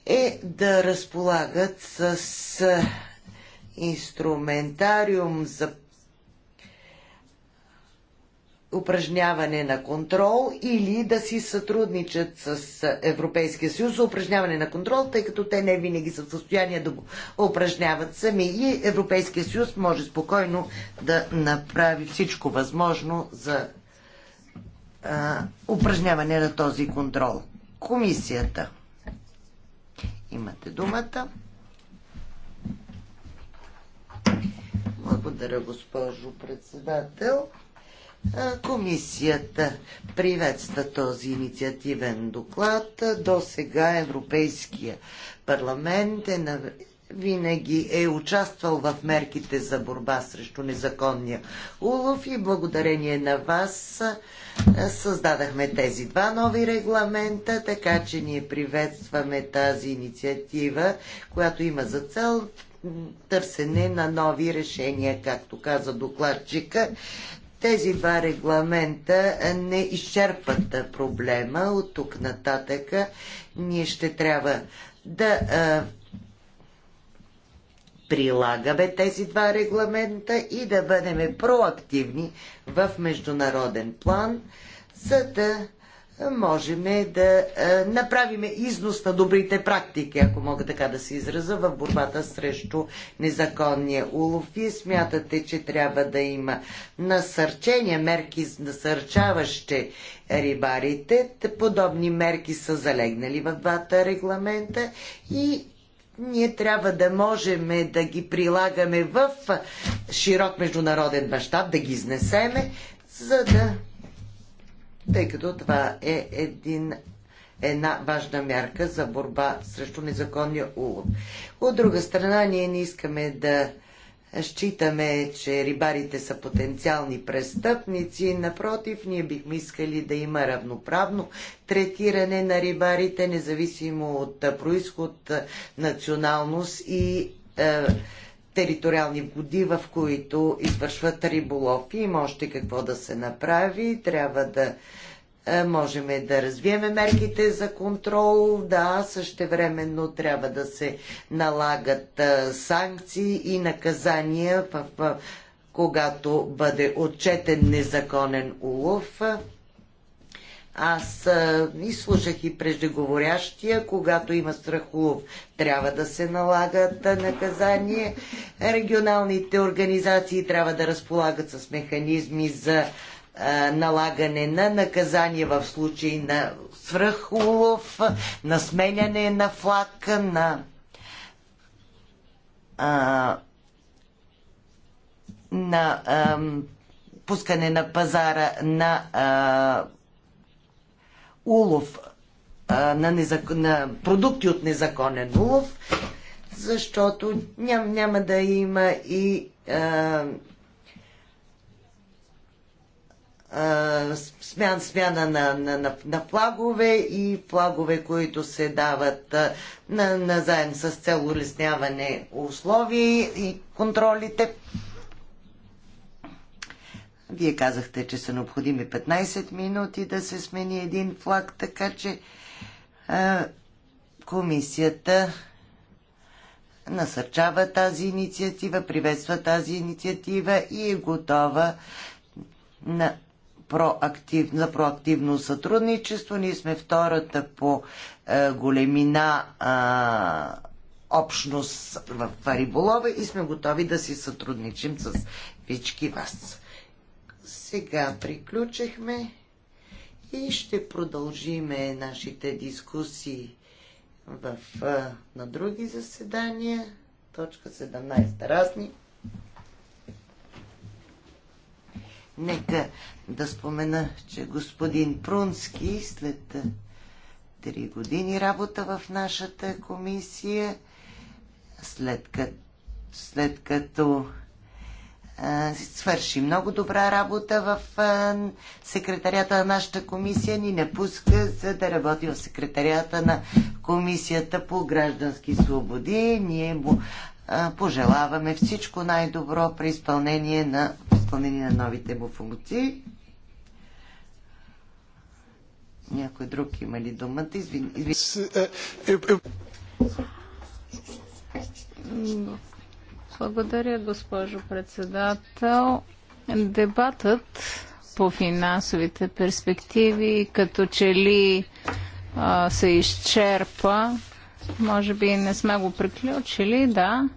е да разполагат с инструментариум за упражняване на контрол или да си сътрудничат с Европейския съюз за упражняване на контрол, тъй като те не винаги са в състояние да го упражняват сами. И Европейския съюз може спокойно да направи всичко възможно за а, упражняване на този контрол. Комисията. Имате думата. Благодаря, госпожо председател. Комисията приветства този инициативен доклад. До сега Европейския парламент е винаги е участвал в мерките за борба срещу незаконния улов и благодарение на вас създадахме тези два нови регламента, така че ние приветстваме тази инициатива, която има за цел търсене на нови решения, както каза докладчика. Тези два регламента не изчерпат проблема. От тук нататъка ние ще трябва да прилагаме тези два регламента и да бъдем проактивни в международен план, за да можем да направим износ на добрите практики, ако мога така да се израза, в борбата срещу незаконния улов. Вие смятате, че трябва да има насърчения, мерки насърчаващи рибарите. Подобни мерки са залегнали в двата регламента и ние трябва да можем да ги прилагаме в широк международен мащаб, да ги изнесеме, за да... Тъй като това е един една важна мярка за борба срещу незаконния улов. От друга страна, ние не искаме да считаме, че рибарите са потенциални престъпници. Напротив, ние бихме искали да има равноправно третиране на рибарите, независимо от происход, националност и е, териториални води, в които извършват риболов. Има още какво да се направи. Трябва да е, можем да развиеме мерките за контрол, да, същевременно трябва да се налагат е, санкции и наказания, в, когато бъде отчетен незаконен улов. Аз е, слушах и преждеговорящия, когато има страхулов, трябва да се налагат наказание. Регионалните организации трябва да разполагат с механизми за налагане на наказание в случай на свръхулов, на сменяне на флаг, на а, на а, пускане на пазара на а, улов на, незакон, на продукти от незаконен улов, защото ням, няма да има и а, смяна, смяна на, на, на, на флагове и флагове, които се дават на, на заем с цел улесняване условия и контролите. Вие казахте, че са необходими 15 минути да се смени един флаг, така че а, комисията насърчава тази инициатива, приветства тази инициатива и е готова на проактив, за проактивно сътрудничество. Ние сме втората по е, големина е, общност в Фариболова и сме готови да си сътрудничим с всички вас. Сега приключихме и ще продължиме нашите дискусии в, е, на други заседания. Точка 17. Разни. Нека да спомена, че господин Прунски след три години работа в нашата комисия, след като, след като свърши много добра работа в секретарията на нашата комисия, ни напуска за да работи в секретарията на комисията по граждански свободи. Ние му пожелаваме всичко най-добро при изпълнение на, изпълнение на новите му функции. Някой друг има ли думата? Извин, извин. Е, е, е, Благодаря, госпожо председател. Дебатът по финансовите перспективи като че ли а, се изчерпа може би не сме го приключили, да.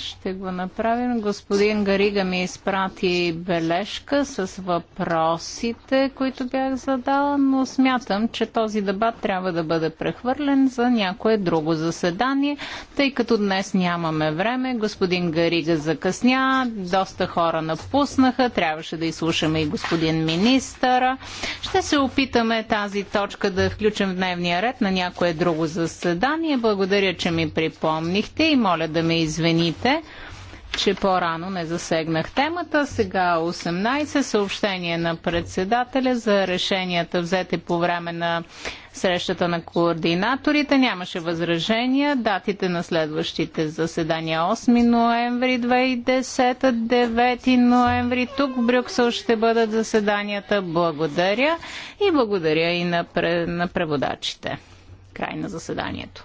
Ще го направим. Господин Гарига ми изпрати бележка с въпросите, които бях задала, но смятам, че този дебат трябва да бъде прехвърлен за някое друго заседание, тъй като днес нямаме време. Господин Гарига закъсня, доста хора напуснаха, трябваше да изслушаме и господин министъра. Ще се опитаме тази точка да включим в дневния ред на някое друго заседание. Благодаря, че ми припомнихте и моля да ме извините извинете, че по-рано не засегнах темата. Сега 18 съобщение на председателя за решенията взете по време на срещата на координаторите. Нямаше възражения. Датите на следващите заседания 8 ноември 2010, 9 ноември. Тук в Брюксел ще бъдат заседанията. Благодаря и благодаря и на, пре... на преводачите. Край на заседанието.